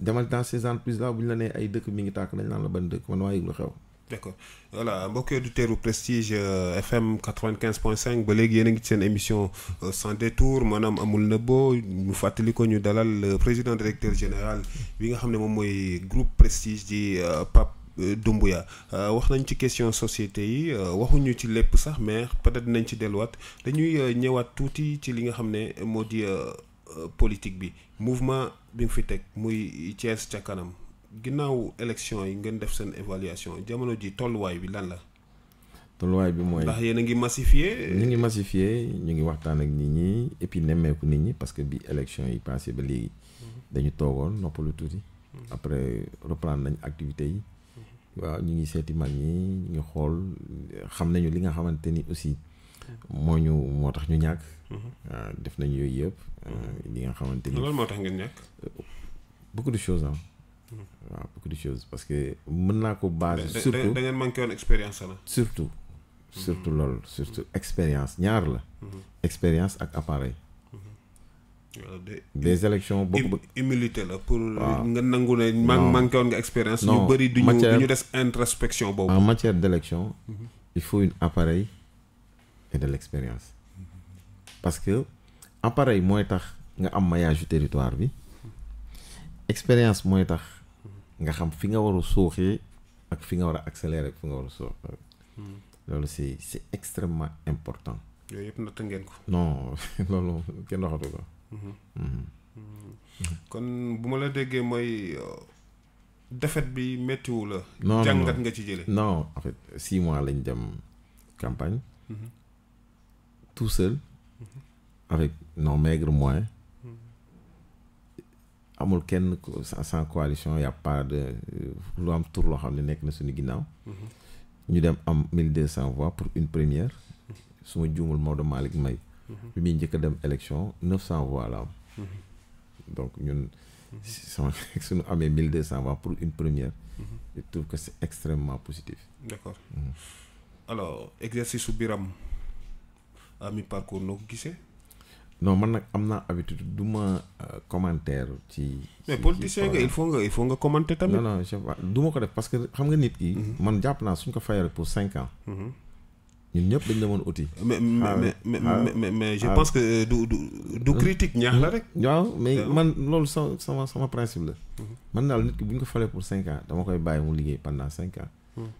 demal dans ces entreprises là où la né ay dëkk mi ngi tak nañ naan la ban dëkk man waa lu xew. d'accord voilà mbokk prestige euh, FM 95.5 ba léegi yéen ngi ci sen émission euh, sans détour manam amul nëbbo ñu fatali ko ñu dalal président directeur général bi nga xamné mom moy groupe prestige di euh, Pape Doumbouya wax nañ ci question société yi waxuñu ci lépp sax mais peut-être nañ ci delluwaat dañuy ñëwaat tuuti ci li nga xam ne moo di. Euh, politique bi mouvement bi nga fi teg muy Thiès ca kanam ginnaaw élection yi ngeen def seen évaluation jamono ji tolluwaay bi lan la. tolluwaay bi mooy. ndax yéen a ngi massifié. ñu ngi massifié ñu ngi waxtaan ak nit ñi et puis nemmeeku nit ñi parce que bi élection yi passé ba léegi. Mhm. dañu toogoon noppalu tuuti. Mhm. après reprendre nañ activité yi. Mhm. waaw ñu ngi seeti mag ñi ñu ngi xool xam nañu li nga xamante ni aussi. moo ñu moo tax ñu ñàkk waaw euh, def nañ yooyu yëpp. Euh, mhm. li nga xamante ni loolu moo tax ngeen nekk. Euh, beaucoup de choses ah. waaw beaucoup de choses parce que mën naa ko basé. surtout da ngeen manqué woon expérience la. surtout. surtout mhm. loolu surtout expérience ñaar la. expérience ak appareil. des élections bokk humilité la pour. nga nangu ne. man manqué woon nga expérience. ñu bëri du ñu ñu des introspection boobu. en matière d'élection il faut une appareil et de l'expérience parce que appareil mooy tax nga am maillage territoire bi expérience moy tax nga xam fi nga ak fi nga accélérer fi nga euh, c'est extrêmement important. non mhm. Mhm. Mhm. la. non en fait six mois campagne. tout seul avec nos maigres moins hmm. amul kenn sans coalition il y' a pas de Nous am le loo xam ne na nous hmm. dem am 1200 voix pour une première. nous hmm. avons juumul malik Malick May. bi muy njëkk nous dem élection 900 voix là. donc nous avons suñu 1200 voix pour une première. je trouve que c'est extrêmement positif. d'accord alors exercice sur biram à parcours nous qui non man nag am naa habitude du ma euh, commentaire ci. mais politicien nga il faut nga il faut nga commenter tamit. non non je du ma ko def parce que xam nga nit ki. Mhm. man jàpp naa suñ ko fayal pour cinq ans. Mhm. ñun ñëpp dañ demoon outil. mais mais ah ah mais mais je ah pense que euh, du du du critique ñaax la rek. waaw mais man loolu sama sama principe la. Mhm. man daal nit ki buñ ko fayal pour cinq ans dama koy bàyyi mu liggéey pendant cinq ans.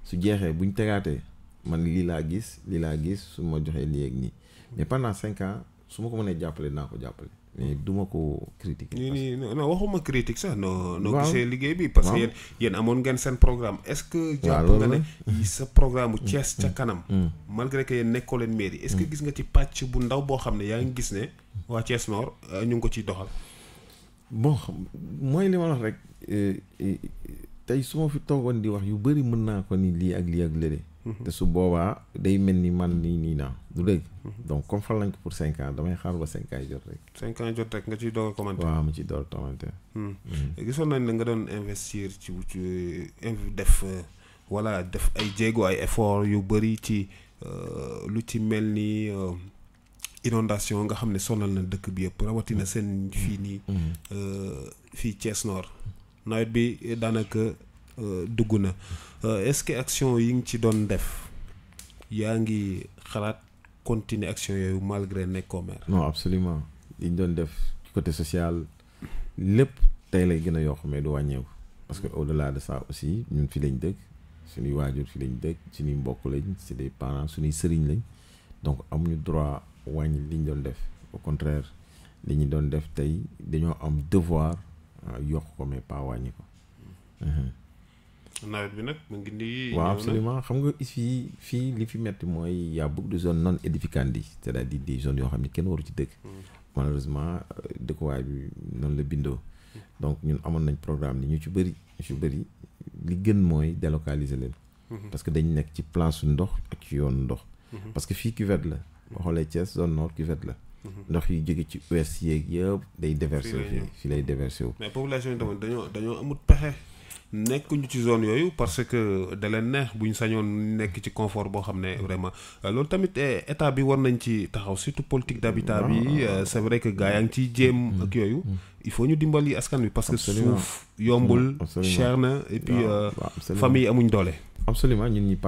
su jeexee buñ ñu tegaatee man lii laa gis lii laa gis su ma joxee lii ak nii mais pendant cinq ans. su ma ko mënee jàppale naa ko jàppale. mais du ma ko critiquer. nii nii non waxuma critique sax noo. noo gisee liggéey bi. parce que yéen amoon ngeen seen programme est ce que. jàpp nga ne sa programme Thiès ca mm. kanam. Mm. malgré que yéen nekkoo leen mairie. est ce que mm. gis nga ci pàcc bu ndaw boo xam ne yaa ngi gis ne waa Thiès Nord euh, ñu ngi ko ciy doxal. bon mooy li ma wax rek euh, euh, tey su ma fi toogoon di wax yu bëri mën naa ko ni lii ak lii ak lële. te su boobaa day mel ni man nii nii naa du dégg. Mhm. donc comme fal nañ ko pour cinq damay xaar ba cinq ans jot rek. jot rek nga ciy doog a commenté. waaw mu ciy doog a commenté. Hmm. Hmm. gisoon ne nga doon investir ci ci def wala euh, def ay jéego ay effort yu bëri ci euh, lu ci mel ni euh, inondation nga xam ne sonal na dëkk bi yëpp rawatina seen fii nii. Hmm. fii Thiès Nord nawet bi daanaka. Euh, dugg euh, est-ce que action yi ngi ci doon def yaa ngi xalaat continuer action yoyu malgré nekkoo commerce non absolument li ñu def côté social lepp tay lay gëna a yokk mais du wàññeeku parce que au delà de ça aussi ñun fi lañ dëgg suñu waajur fi lañ ci ni mbokk lañ c'est des parents suñu sëriñ lañ donc amuñu droit wàññi li ñu doon def au contraire li ñu doon def tay dañoo am devoir euh, yokk ko mais pas wàññi ko nawet bi nag mu ngi nii. waaw absolument xam nga fii fii li fi metti mooy y' a beaucoup de zones non édificantes c'est-à-dire des zones yoo xam ne kenn waru ci dëkk. Hmm. malheureusement euh, dëkkuwaay bi noonu la bindoo. donc ñun amoon nañ programme ni ñu ci bëri ñu ci bëri li gën mooy délocaliser leen. Hmm. parce que dañ nekk ci plan su ndox ak ci yoonu ndox. Hmm. parce que fii cuvette la. boo xoolee Thiès zone nord cuvette la. ndox yi jóge ci ouest yeeg yëpp day déversé fii lay déverser wu. mais population yi tamit dañoo dañoo amut pexe nekkuñu ci zone yooyu parce que da leen neex ci confort ne vraiment euh, loolu tamit eh, état bi war nañ ci taxaw politique d'habitat bi ah, euh, c'est vrai que ak il faut ñu dimbali askan bi parce que yombul ah, cher na et puis ah, euh, famille amuñ doole absolument ñun ñi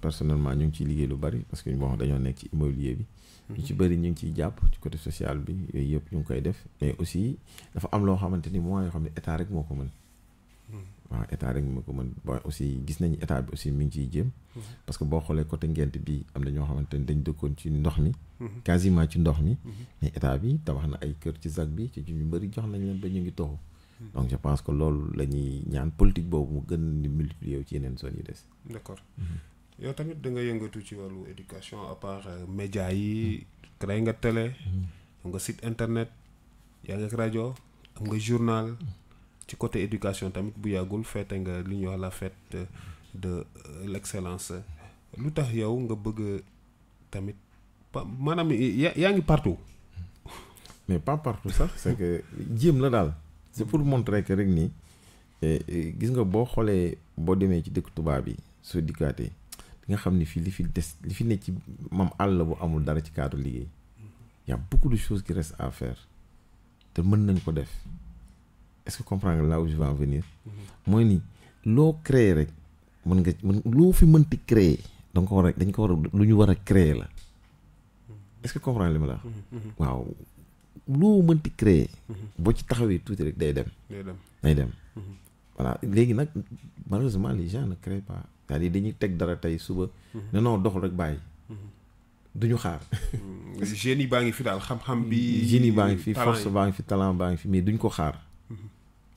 personnellement ñu ngi liggéey lu bari parce que bon ci immobilier bi mhm. ñu ci ñu social bi mais aussi dafa am état rek waaw état rek ma ko mën ba aussi gis nañu état bi aussi mi ngi ciy jéem. Mhm. parce que boo xoolee côté ngent bi am na ñoo xamante ni dañ dëkkoon ci ndox mi. Mhm. quasiment ci ndox mi. Mhm. mais état bi tabax na ay kër ci ZAC bi ci ñu bëri jox nañ leen ba ñu ngi toxu. donc je pense que loolu la ñuy ñaan politique boobu mu gën di multiplier wu ci yeneen zone yi des. d' accord yow tamit da nga yëngatu ci wàllu éducation à part euh, média yi. créé nga télé. nga site internet. yaa ngi rajo am nga journal. ci côté éducation tamit bu yagul fété nga li ñuy wax la fête de euh, l'excellence lutax yow nga bëgg tamit manam yaa ngi partout. mais pas partout sax c'est que jéem la dal c'est pour montrer que rek ni eh, eh, gis nga boo xoolee boo demee ci dëkk tubaab bi soo dikkaatee di nga xam ni fii li fi des li fi ne ci mam àll bu amul dara ci cadre liggéey y' a beaucoup de choses qui restent à faire te mën nañ ko def. est-ce que comprendre là où je venir. Mm-hmm. mooy nii loo créer rek mën nga mën loo fi mënti créer da nga ko war a dañ ko war a lu ñu war a créer la mm-hmm. est-ce que comprendre li ma la mm-hmm. waaw loo mënti créer boo ci taxawee tuuti rek day dem. day dem day dem. voilà léegi nag malheureusement les gens ne créent pas cest dañuy teg dara tey suba. ne non doxul rek bàyyi. duñu xaar. génie baa ngi fi daal xam-xam bi. génie baa ngi fi force baa ngi fi talent baa ngi fi mais duñ ko xaar.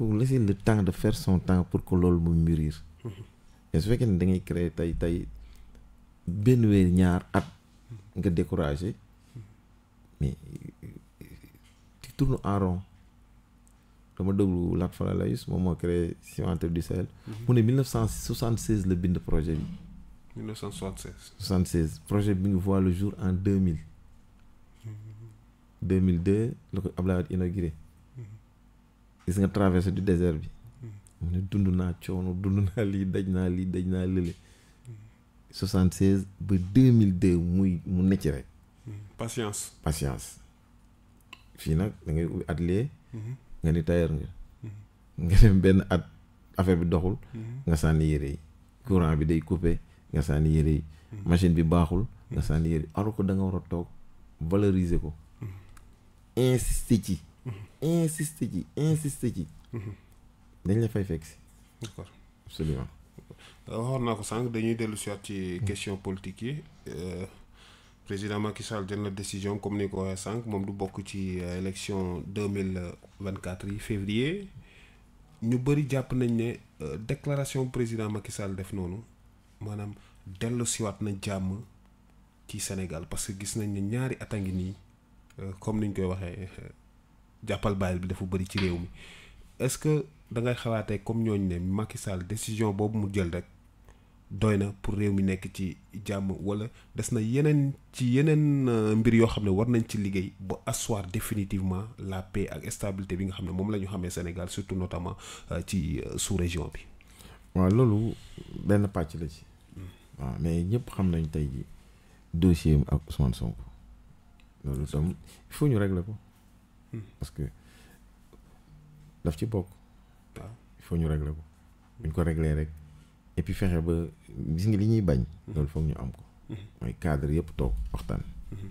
faut laisser le temps de faire son temps pour que loolu mûrir. Mhm. et ce fait que da ngay tay tay tey benn ñaar at nga découragé mais tu tournes en rond. dama déglu Lat Falalaius moom moo créé cimenterie du Sahel. Mhm. mu est 1976 le bind projet bi. 1976. 76 projet bi voit le jour en 2000. 2002 le Abdoulaye inauguré gis nga traversé du désert bi mu ne dund naa coono dund naa lii daj naa lii ba patience patience fii nag da ngay ubbi atelier mhm. nga ni tailleur nga mhm. nga dem benn at affaire bi doxul mhm. nga courant bi day coupé nga sànni yére machine bi baaxul nga sànni yére yi alors da nga war a valoriser ko insiste ci insiste ji dañ la fay fekk si. d' accord absolument. waxoon naa ko sànq dañuy dellu siwaat waat ci question politique yi euh, président Macky Sall jël décision comme ni ko waxee sànq moom du bokk ci euh, élection deux mille vingt quatre yi février ñu bëri jàpp nañ ne euh, déclaration président Macky Sall def noonu maanaam dellu siwaat na jàmm ci Sénégal parce que gis nañ ne ñaari at a ngi nii comme ni ñu koy waxee. jàppal bàyyil bi dafa bëri ci réew mi est-ce que da ngay xalaatee comme ñooñu ne Macky Sall décision boobu mu jël rek doy na pour réew mi nekk ci jàmm wala des na yeneen ci yeneen euh, mbir yoo xam ne war nañ ci liggéey ba assoir définitivement la paix ak stabilité bi nga xam ne moom la ñu xamee Sénégal surtout notamment euh, ci euh, sous-région bi. waaw loolu benn pàcc la ci. Hmm. waaw mais ñëpp xam nañ tey ji dossier ak Ousmane Sonko loolu tam il faut ñu régler ko. parce que daf ci bokk. waaw il faut ñu regle ko. buñ ñu ko régler rek et fexe ba bis ngi li ñuy bañ. Mm-hmm. loolu foog ñu am ko. Mm-hmm. mooy cadre yëpp toog waxtaan. Mm-hmm.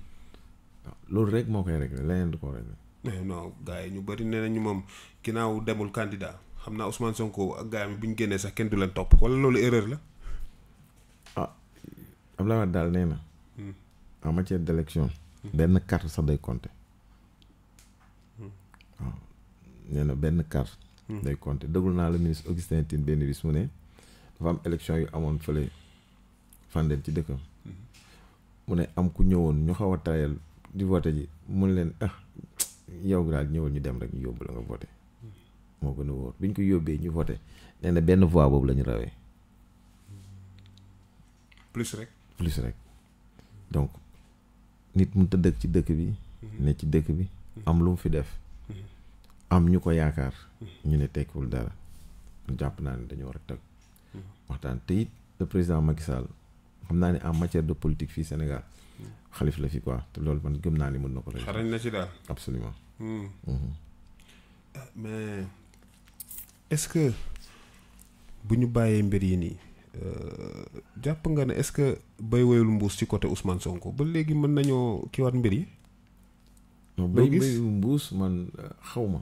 waaw loolu rek moo koy régler leneen du ko régler. mais eh, non gars yi ñu bëri nee nañu moom ginnaaw demul candidat xam naa Ousmane Sonko ak gars yi bu ñu génnee sax kenn du leen topp wala loolu erreur la. ah Abdoulaye Wade daal nee na. Mm. en matière d' élection. Mm. benn carte sax day nee na benn carte. Hmm. day compté déglu naa la ministre Augustin Tine benn bis mu ne dafa am élection yu amoon fële Fandène ci dëkkam. Hmm. mu ne am ku ñëwoon ñu xaw a tayal di voté ji mun leen ah yow daal ñëwal ñu dem rek ñu yóbbu la nga voté. Hmm. moo gën a wóor bi ñu ko yóbbee ñu voté nee na benn voix boobu la ñu rawee. plus rek. plus rek donc nit mu tëdd ci dëkk bi. ne ci dëkk bi. am lu mu fi def. am ñu ko yaakaar ñu ne tekkiwul dara jàpp naa ne dañu war a tëg waxtaan te it le président Macky Sall xam naa ne en matière de politique fii Sénégal xalif la fi quoi te loolu man gëm naa ni mën na ko xarañ na ci daal absolument hmm. mhm. ah, mais est-ce que bu ñu bàyyee mbir yi nii euh, jàpp nga ne est-ce que bay woyul mbuus ci côté Ousmane Sonko ba léegi mën nañoo kiwaat mbir yi bay woyul mbuus man euh, xaw ma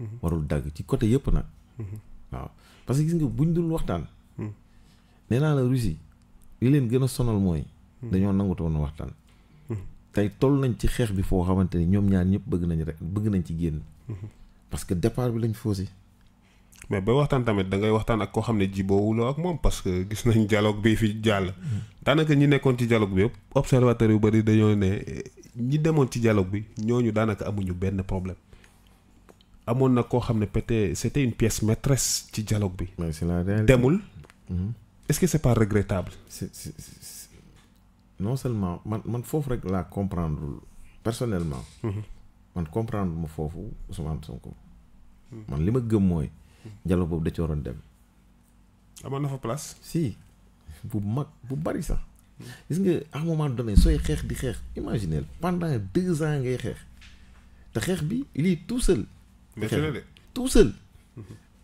Mhm. warul dagg ci côté yëpp nag. Mhm. waaw parce que gis nga buñ dul waxtaan. Mhm. nee naa la Russie li leen gën a sonal mooy. dañoo nangutoon waxtaan. tey toll nañ ci xeex bi foo xamante ni ñoom ñaar ñëpp bëgg nañ rek bëgg nañ ci génn. parce que départ bi lañ faussé. mais ba waxtaan tamit da ngay waxtaan ak koo xam ne jiboowuloo ak moom parce que gis nañ dialogue bi fi jàll. daanaka ñi nekkoon ci dialogue bi yëpp observateur yu bari dañoo ne eh, ñi demoon ci dialogue bi ñooñu daanaka amuñu benn problème. amoon na koo xam ne peut-être c'était une pièce maîtresse ci dialogue bi. demul. Mhm. est-ce que c'est pas regrettable. c'est non seulement man man foofu rek la comprendre personnellement. Mhm. man comprendre mo foofu Ousmane Sonko. Mhm. man li ma gëm moy dialogue boobu da ci waron dem. amoon na fa place. si bu mag bu bari sax. gis nga à un moment donné sooy xeex di xeex imaginez pendant deux ans ngay xeex te xeex bi il est tout seul. mais su de tout seul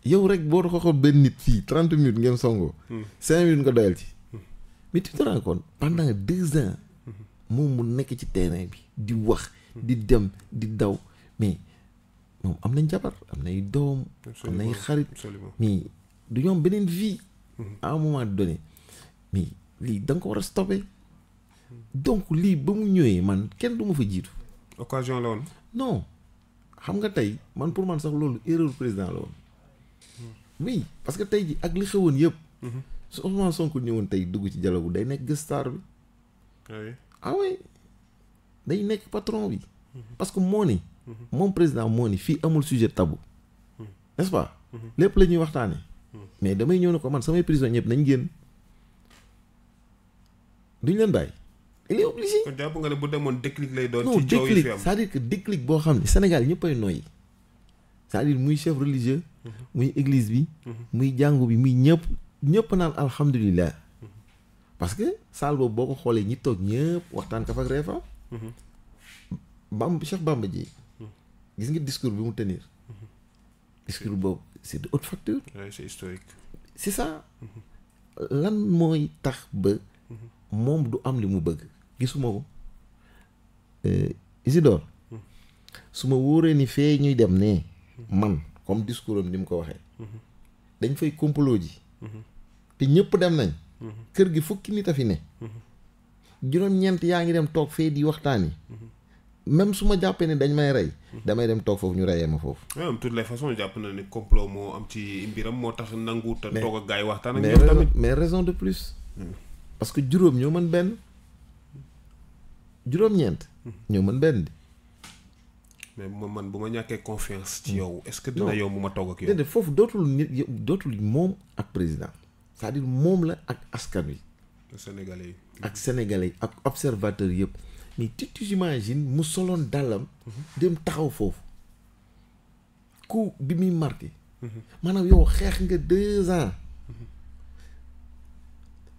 yow rek boo ko xool benn nit fii trente minutes ngeen songoo. Hmm. cinq minutes nga doyal ci. Hmm. mais tu te rends compte pendant deux ans. Hmm. moom mu nekk ci terrain bi di wax. di dem di daw mais moom am nañ jabar am na nay doom. am nay xarit mais du ñoom beneen vie. à un moment donné mais lii danga ko war a stoppé. donc lii ba mu ñëwee man kenn du ma fa jiitu. occasion la woon. xam nga tey man pour man sax loolu erreur président la woon oui parce que tey ji ak li xewoon yëpp mhm. su sonk Sonko ñëwoon tey dugg ci dialogue bu day nekk gestar bi ah day nekk patron bi mhm. parce que moo ni mhm. moom président moo ni fii amul sujet tabu nest lépp la ñuy waxtaane mais damay ñëw ne ko man samay prisonniers ñëpp nañ génn duñ leen bàyyi li est obligé. kon jàpp bu demoon déclic lay doon. ci coow yi fi boo xam ne Sénégal ñëppay noyyi. c'est-à-dire muy chef religieux. Mhm. muy église bi. Mhm. muy jàngu bi muy ñëpp ñëpp naan alhamdulilah. Mhm. parce que saal boobu boo ko xoolee ñi toog ñëpp waxtaan ka fa ree fa. Bamba Cheikh gis nga discours bi mu tenir. discours boobu c'est de haute facture. c'est ça. lan mooy tax ba. moom du am li mu bëgg. gisuma ko eh, Isidore hmm. su ma wóoree ni fee ñuy dem ne man comme discours am ni mu ko waxee hmm. dañ fay complot ji hmm. te ñëpp dem nañ kër gi fukki nit a fi ne juróom-ñeent yaa ngi dem toog fee di waxtaan yi même su ma jàppee ne dañ may rey damay dem toog foofu ñu reyee ma foofu eh, de toutes jàpp na ne complot moo am ci mbiram moo tax nangu te toog ak gars yi waxtaan ak ñoom tamit mais raison de plus parce que juróom ñoo mën benn juróom-ñeent. Mhm. ñoo mën benn. mais man bu ma ñàkkee confiance ci mhm. yow est-ce que dina yow mu ma togg ak yow. déedéet foofu dootul nit dootul moom ak président cest à moom la ak askan wi. sénégalais yi. ak sénégalais yi ak observateur yëpp mais tu t'imagines mu soloon dàllam. Mhm. dem taxaw foofu ku bi muy marqué. maanaam yow xeex nga deux ans.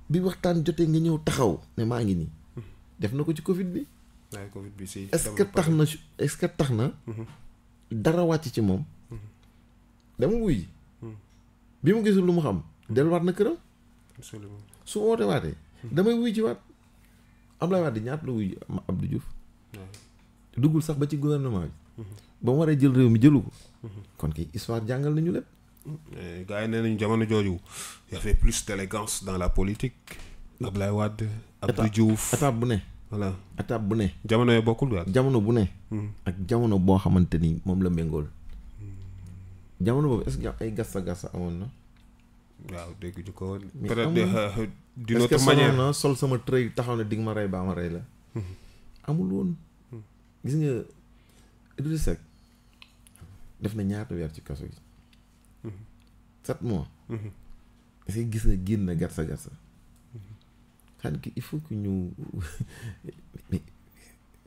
bi waxtaan jotee nga ñëw taxaw ne maa ngi nii. def na ko ci Covid bi. waaye Covid bi si. tax na est-ce que tax na. Mhm. dara wàcc ci moom. Mhm. dama wuy mhm. bi mu gisul lu mu xam. delluwaat na këram. su woote waatee. damay wuy ci waat Ablaye Wade ñaata la wuy Abdou Diouf. duggul sax ba ci gouvernement bi. ba mu waree jël réew mi jëlu ko. kon kay histoire jàngal nañu lépp. Eh, gars yi nee nañu jamono jooju y plus d'élégance dans la politique Ablaye Wade. Abdou Diouf étape bu ne. voilà bu ne. jamono yi bokkul jamono bu ne. Hmm. ak jamono boo xamante ni moom la méngool. Hmm. jamono boobu est-ce que ay gasa gasa amoon na. waaw dégg ju ko woon. peut-être euh, d'une sol sama trait taxaw ne dig ma rey baa ma rey la. Hmm. amul woon. gis nga def na ñaata weer ci kaso gi. sept mois. est gis nga génn na gasa gasa. il faut que ñu mais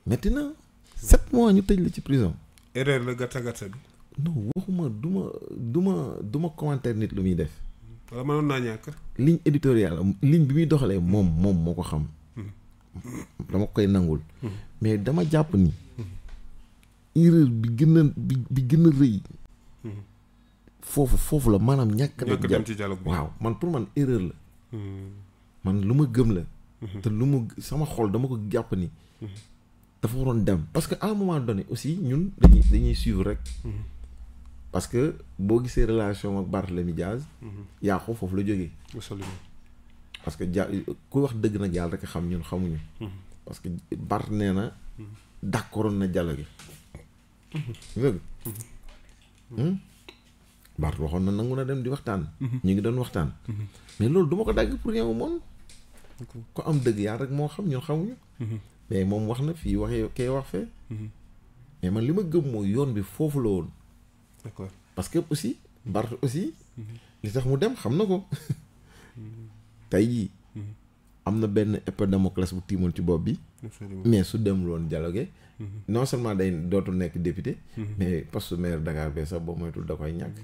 maintenant sept mois ñu tëj la ci prison. erreur la gàtta gàtta bi. non waxuma duma duma duma commentaire nit lu muy def. wala mënoon naa ñàkk. ligne éditoriale ligne bi muy doxalee moom moom moo ko xam. Hmm. dama koy nangul. Hmm. mais dama jàpp ni. erreur bi gën a bi bi gën a rëy. Hmm. foofu foofu la maanaam ñàkk. ñàkk dem ci waaw man pour man erreur la. man luma gëm la mhm. te luma sama xol dama ko japp ni mhm. dafa waroon dem parce que à un moment donné aussi ñun dañuy dañuy suivre rek mhm. parce que bo gisé relation ak Barthélemy Diaz ya ko fofu la joggé parce que ku wax deug na jaal rek xam ñun xamuñu parce que Barth nee d'accord na jallo gi hmm Barth waxon na nanguna dem di waxtaan ñi ngi doon waxtaan mais loolu duma ko dagg pour rien au monde ku am dëgg yàlla rek moo xam ñun xam mhm. mais moom wax na fii waxe kay wax fee. Mhm. mais man li ma gëm mooy yoon bi foofu la woon. d'accord parce que aussi Bart aussi. Mhm. li sax mu dem xam na ko. tey yii am na benn épée Damoclès bu tiimoon ci bopp bi. mais su dem woon dialogue mhm. non seulement day dootul nekk député. Mhm. mais poste maire Dakar bee sax boo moytul da koy ñàkk.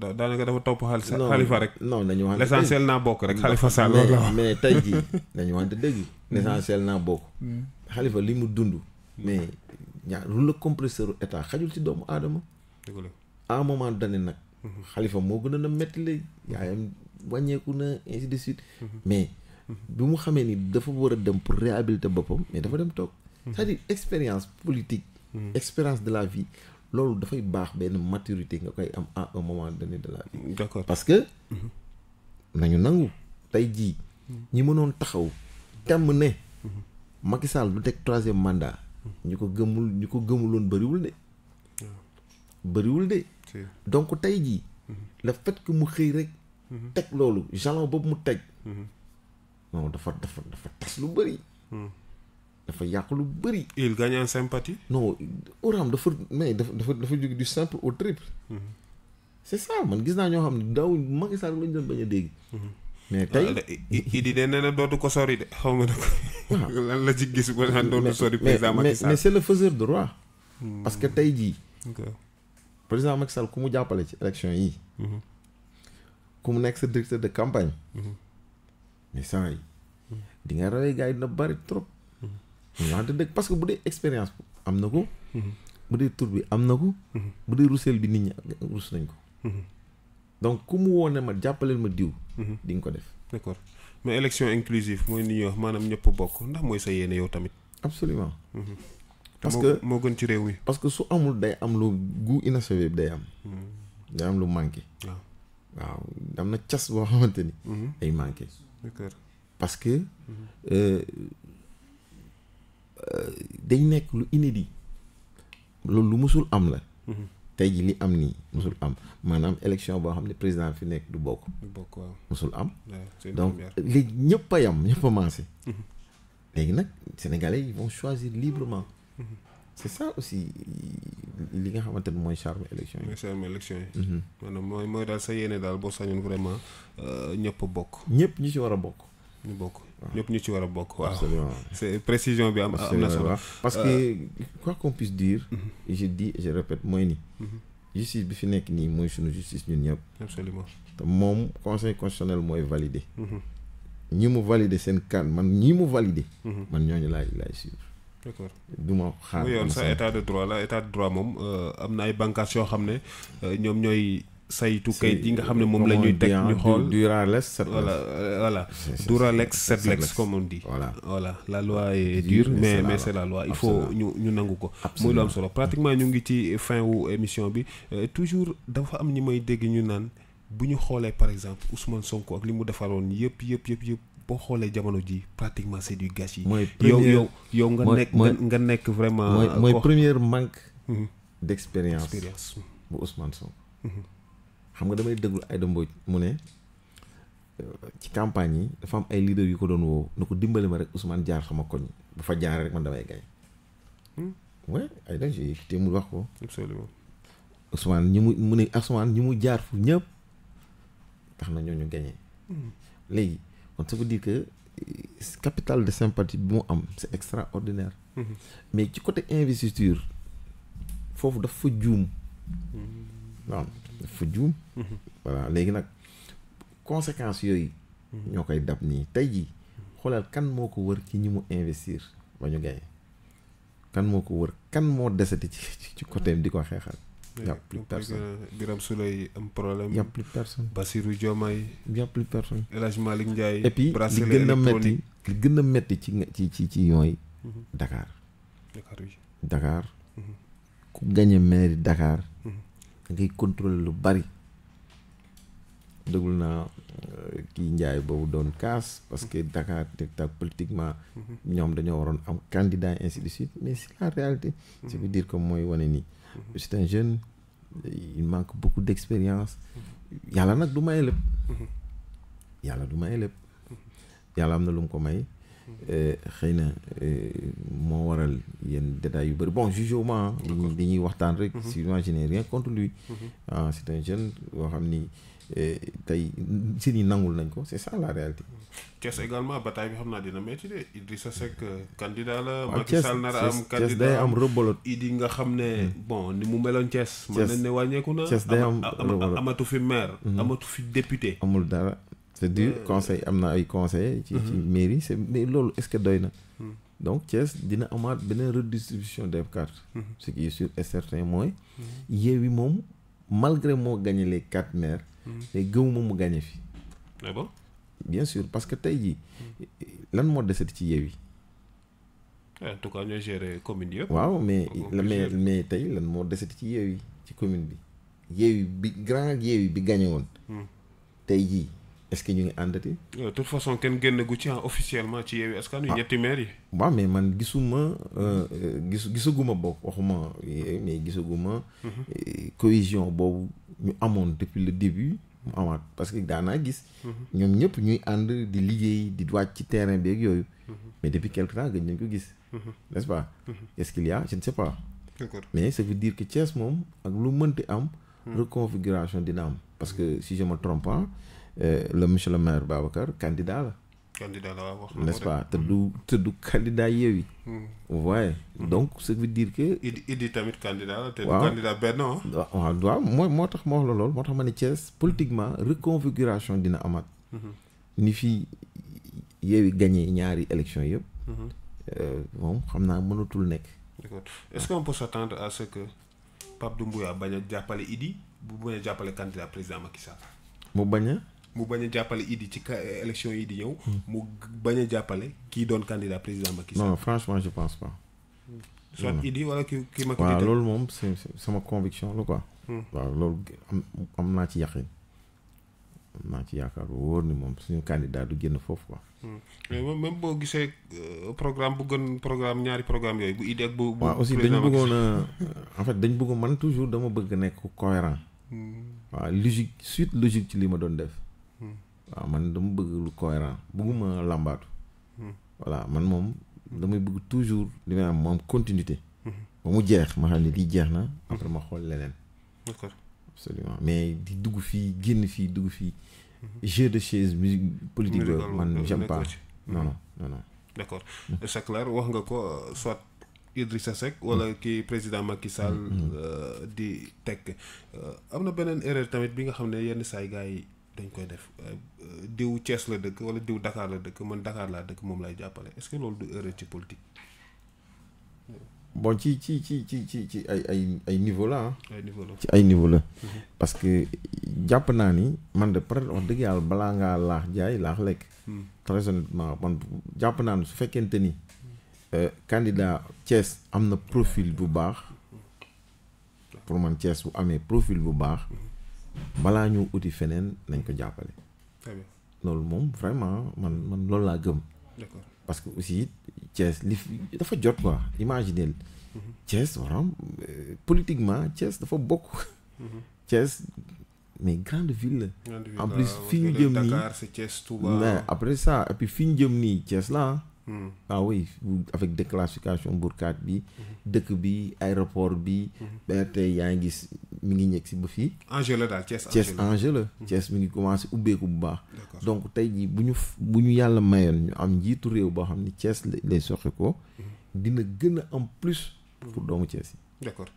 daa daanaka dafa topp xalifa rek. non nañu waxante l'essentiel naa bokk rek. xalifa Sall loolu la dëgg. Mhm. l'essentiel naa bokk. xalifa li mu dund. mais ñaar rouleau compresseur état xajul ci doomu aadama. à moment donné nag. xalifa moo gën a metti lay yaayam wàññeeku na ainsi de suite. mais. bi mu xamee ni dafa war a dem pour réhabiliter boppam mais dafa dem toog cest à expérience politique hmm. expérience de la vie loolu dafay baax benn maturité nga koy am à un moment donné de la vie d'accord parce que hmm. nañu nangu tey jii hmm. ñi mënoon taxaw temm ne Macky Sall du teg troisième mandat ñu ko gëmul ñu ko gëmuloon bëriwul de bëriwul de donc tey jii le fait que mu xëy rek teg loolu jalon boobu mu teg non dafa dafa dafa tas lu bëri. Hmm. dafa yàq lu bëri. il gagne en sympathie. non Oram dafa mais dafa dafa dafa jóge du simple au triple. Hmm. c' est ça man gis naa ñoo xam ne daaw Macky Sall lañ doon bañ a dégg. Hmm. mais tey ah, di de nee na dootu ko sori de xaw ma ne ko. lan la ci gis ba naan dootu sori. président Macky Sall mais mais c' est le faiseur de roi. parce que tey jii. président Macky Sall ku mu jàppale ci élection yi. ku mu nekk sa directeur de campagne. mais saa yi di nga hmm. hmm, rawee gars yi dina bari trop. ñu waxante dëgg parce que bu dee expérience am na ko. bu dee tur bi am na ko. bu dee rusel bi nit ñi rus nañ ko. Hmm. donc ku mu woon ne ma jàppaleel ma diw. di nga ko def. d'accord mais élection inclusive mooy ni ñuy wax maanaam ñëpp bokk ndax mooy sa yéene yow tamit. absolument parce que moo gën ci réew yi parce que su amul day am lu goût inachevé day am. day am lu manqué. Ah. waaw am na cas boo xamante ni. day manqué. parce que mhm. euh, euh, day gens lu inédit musul am la mhm. am musul élection bo président fi nous du musul donc les mhm. sénégalais ils vont choisir librement c'est ça aussi li nga charme élection charme élection mhm. sa vraiment euh, bokk. ci a bokk. ñu bokk ñëpp ñu ci war a bokk. waaw c'est précision bi am parce que euh, quoi qu'on puisse dire. Mhm. je dis je répète moi, ni. Mhm. justice bi fi justice absolument conseil constitutionnel validé. ñi mu validé man validé. man ñooñu d'accord du ma xaar. mu yoon sa état de droit la état de droit moom euh, am na ay bànqaas yoo xam ne euh, ñoom ñooy. saytu kayit yi nga xam ne moom la ñuy teg ñu xool Duralex Sedlex voilà euh, Duralex Sedlex comme on dit voilà la loi est dure mais mais c'est la loi il faut ñu ñu nangu ko muy lu am solo pratiquement ñu ngi ci fin wu émission bi toujours dafa am ñi may dégg ñu naan bu ñu xoolee par exemple Ousmane Sonko ak li mu defaroon yëpp yëpp yëpp boo xoolee jamono ji pratiquement c' est du gâchis. mooy yow yow yow nga nekk nga nekk vraiment. mooy mooy première manque. Mhm. d' expérience bu Ousmane Sow. Mhm. xam nga damay déglu ay dombo mu ne euh, ci campagne yi dafa am ay leader yu ko doon woo na ko dimbali ma rek Ousmane jaar sama koñ bu fa jaar rek man damay gañ. Hmm? ouais ay j' ai écouté mu wax ko. absolument Ousmane ñi mu mu ne Ousmane ñi mu jaar fu ñëpp tax na ñooñu gañee hmm. léegi On te veut dire que euh, capital de sympathie, bon, c'est extraordinaire. Mm -hmm. Mais du côté investiture, il faut de tu Non, il Voilà, les conséquences, il y a des conséquences. Il xolal kan moko wër ci ñi mu investir ba ñu gaye kan moko wër kan mo desati ci ci côté di ko xeexal Il n'y a plus personne. Biram Souley, un problème. Il n'y a plus personne. Bassirou Diomaye. Il n'y a plus personne. Elaj Malik Ndiaye. Et puis, li gën a metti li gën a ci ci ci ci yooyu. Mhm. Dakar. Dakar oui. Dakar. Mhm. ku gagné maire Dakar. da mhm. ngay contrôler lu bari. déglu naa euh, kii Ndiaye boobu doon kaas parce que Dakar TikTok politiquement. ñoom dañoo waroon am candidat ainsi de suite mais c'est la réalité. ça veut dire que mooy wane nii. c'est mhm. un jeune, il manque beaucoup d'expérience. il a la du il y a la may lépp. Mhm. yàlla il y a la ko may xëy na eh, moo waral yenn détails yu bëri bon jugement ah, dañuy dañuy waxtaan rek mhm. si moi rien contre lui mhm. ah c'est un jeune boo xam ni eh, tey seen yi nangul nañ ko c'est ça la réalité Thiès également bataille bi xam naa dina métti de Idrissa Seck mhm. euh, candidat la Macky Sall nar a am candidat day am rëbbalot Idi nga xam ne bon ni mu meloon Thiès mën nañ ne wàññeeku na Thiès day am amatu fi maire amatu fi député amul dara c'est du euh, conseil amna ay conseil ci ci mhm. mairie c'est mais loolu est-ce que doy hmm. donc ties dina amat benen redistribution des cartes mhm. ce qui est sûr et certain moy hmm. yewi mom malgré mo gagné les quatre maires hmm. mais gëwuma mu gagné fi mais ah bon bien sûr parce que tay jii lan mo desati ci yewi en tout cas ñooy gérer commune yëpp waaw mais mais mais tay lan mo desati ci yewi ci commune bi yewi bi grand yewi bi gagné won tay jii est-ce que ñu ngi àndati. de toute façon kenn génn gu ci hein, officiellement ci Yewwi Askan Wi ah. ñetti maire yi. waaw mais man gisuma euh, gis gisaguma bokk waxuma eh, mais gisaguma. Mhm. Eh, cohésion boobu ñu amoon depuis le début. mu amaat parce que daanaa gis. Mhm. ñoom ñëpp ñuy ànd di liggéey di wàcc ci terrain beeg yooyu. Mhm. mais depuis quelque temps gëj nañ ko gis. n'est-ce pas. est-ce qu'il y a je ne sais pas. mais ça veut dire que Thiès moom ak lu mënti am. reconfiguration dina am parce que si je me trompe pas. Hein, euh, le monsieur le maire Babacar candidat là. candidat là, waaw wax n'est-ce pas te du candidat du candidat Yewwi. vous hmm. voyez hmm. donc ce qui veut dire que. Idi Idi tamit candidat la. candidat benn ah. waaw waaw mooy moo tax ma wax la lool moo tax ma ne Thiès politiquement reconfiguration dina amat. Hmm. ni fi a gagné ñaari élection Bon, euh, moom xam naa mënatul nekk. d'accord est-ce qu'on peut s'attendre à ce que Pape Doumbouya bañ a jàppale Idi bu bañ a jàppale candidat président Makissa Sall. mu bañ a. mu bañ a jàppale idi ci élection yi di ñëw hmm. mu bañ a jàppale kii doon candidat président Macky Sall non franchement je pense pas hmm. soit hmm. idi wala ki ki Macky waaw loolu moom c'est sama conviction la quoi waaw loolu am am naa ci yaqin am naa ci yaakaar wóor ni moom suñu candidat du génn foofu quoi mais même même boo gisee euh, programme bu gën programme ñaari programme yooyu bu idi ak bu waaw aussi dañ bëggoon en fait dañ bëggoon man toujours dama bëgg nekk cohérent waaw logique suite logique ci li ma doon def waaw man dama bëgg lu cohérent bëgguma làmbaatu hmm. voilà man moom damay bëgg toujours li may am mu am continuité hmm. ba mu jeex ma xam ne lii jeex na hmm. après ma xool leneen d'accord absolument mais di dugg fii génn fii dugg fii jeu de chaise musique politique yooyu man j'aime pas non non non non d'accord c'est clair wax nga ko soit Idrissa Seck wala kii président Macky Sall euh, di tekk euh, am na beneen erreur tamit bi nga xam ne yenn saay gars yi dañ koy def euh, euh, diw Thiès la dëkk wala diw Dakar la dëkk mën Dakar laa dëkk moom lay jàppale est-ce que loolu du erreur ci politique. bon ci ci ci ci ci ci ay ay ay niveau la ay ci ay niveau la. Mhm. parce que jàpp naa ni man de peut-être yàlla balaa ngaa laax jaay laax lekk. Hmm. très honnêtement man jàpp naa ni su fekkente ni. Euh, candidat Thiès am na profil bu baax. Hmm. pour man Thiès bu amee profil bu baax. Hmm. balaa ñu uti feneen nañ ko jàppale. loolu moom vraiment man man loolu laa gëm. parce que aussi Thiès li dafa jot quoi imaginer mhm. Thiès waram euh, politiquement Thiès dafa bokk. Mhm. Thiès mais grande ville en plus fi ñu jëm nii après ça et puis fi ñu jëm nii Thiès là. ah oui avec déclassification burkaat bi dëkk bi aéroport bi. ba tey yaa ngi gis mi ngi ñëg si ba fii. enjeu la daal Thiès enjeu hmm. mi ngi donc tay jii bu ñu bu ñu yàlla mayoon ñu am njiitu réew boo xam ne Thiès ko. Hmm. dina gën a plus. pour hmm. doomu Thiès d'accord.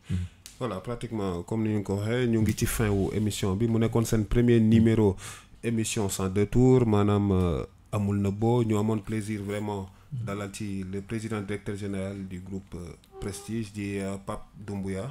voilà pratiquement comme nous ñu ko waxee ñu ngi ci fin wu émission bi mu nekkoon seen premier numéro émission sans détour madame euh, amul na boo ñu amoon plaisir vraiment. Dans le président directeur général du groupe euh, Prestige di euh, Pape Doumbouya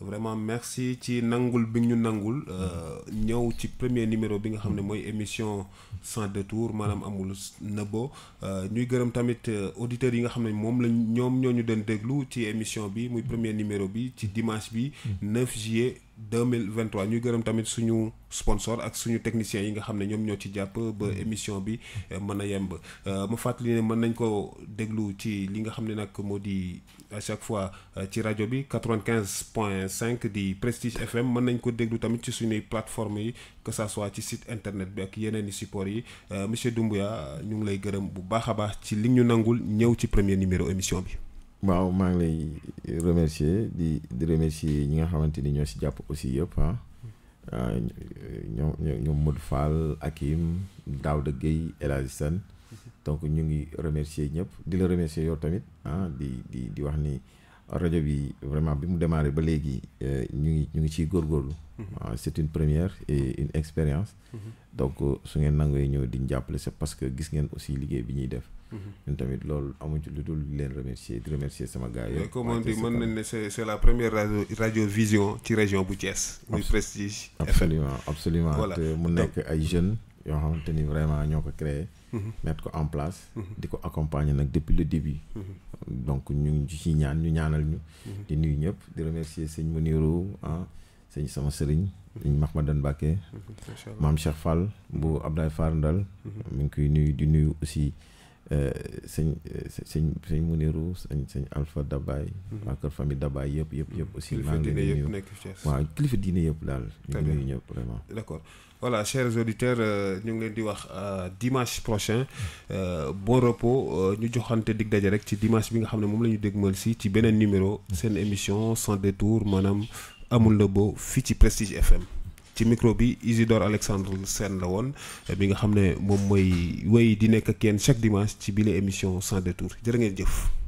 vraiment merci ci nangul bi ñu nangul euh, ñëw ci premier numéro bi nga xam ne mooy émission sans détour maanaam amul nëbbo euh, ñuy gërëm tamit euh, auditeurs yi nga xam ne moom la ñoom ñoo ñu doon déglu ci émission bi muy premier numéro bi ci dimanche bi 9 mm. juillet 2023 ñuy gërëm tamit suñu sponsor ak suñu technicien yi nga xam ne ñoom ñoo ci jàpp ba mm. émission bi mën a yemb ma fàttali ne mën nañ ko déglu ci li nga xam ne nag moo di à chaque fois euh, ci 95.5 di Prestige FM mën nañ ko déglu tamit ci plateforme que ça soit ci site internet bi ak yeneen support euh, monsieur Doumbouya ñu ngi lay gërëm bu baax premier numéro émission bi. waaw ngi lay remercier di di remercier ñi nga xamante ñoo aussi ah. euh, Fall Akim Daouda Gueye El donc ñu ngi remercier ñëpp di la remercier yow tamit ah di di di wax ni rajo bi vraiment bi mu démarré ba léegi euh, ñu ngi ñu ngi ciy góorgóorlu. Mhm. Ah, c'est une première et une expérience. Mhm. donc euh, su ngeen nangoo ñëw di jàppale c'est parce que gis ngeen aussi liggéey bi ñuy def. Mhm. ñun tamit loolu amuñ ci lu dul leen remercier di remercier sama gars yi. Euh, comme on dit mën nañ ne c'est la première radio radio vision ci région bu Thiès. muy prestige. absolument absolument te mu nekk ay jeunes yoo xamante ni vraiment ñoo ko créé mettre en place. Mhm. diko accompagner depuis le début. Mhm. donc ñu ci ñaan ñu ñaanal ñu. Mhm. di nuy ñëpp di remercier nous ah, hein sama Mahmadan Cheikh Fall bu Abdoulaye Farndal. aussi c'est euh, euh, sëñ Alpha Dabai ma mhm. famille Yep Yep. yep aussi vraiment. d'accord voilà chers auditeurs euh, nous dimanche prochain bon repos nous allons dig que dimanche bi nga allons dire la émission sans détour madame amul Fiti Prestige FM ci micro bi Isidore Alexandre Sène la woon bi nga xam mom moy mooy di nek ak chaque dimanche ci émission sans détour jërë ngeen jëf.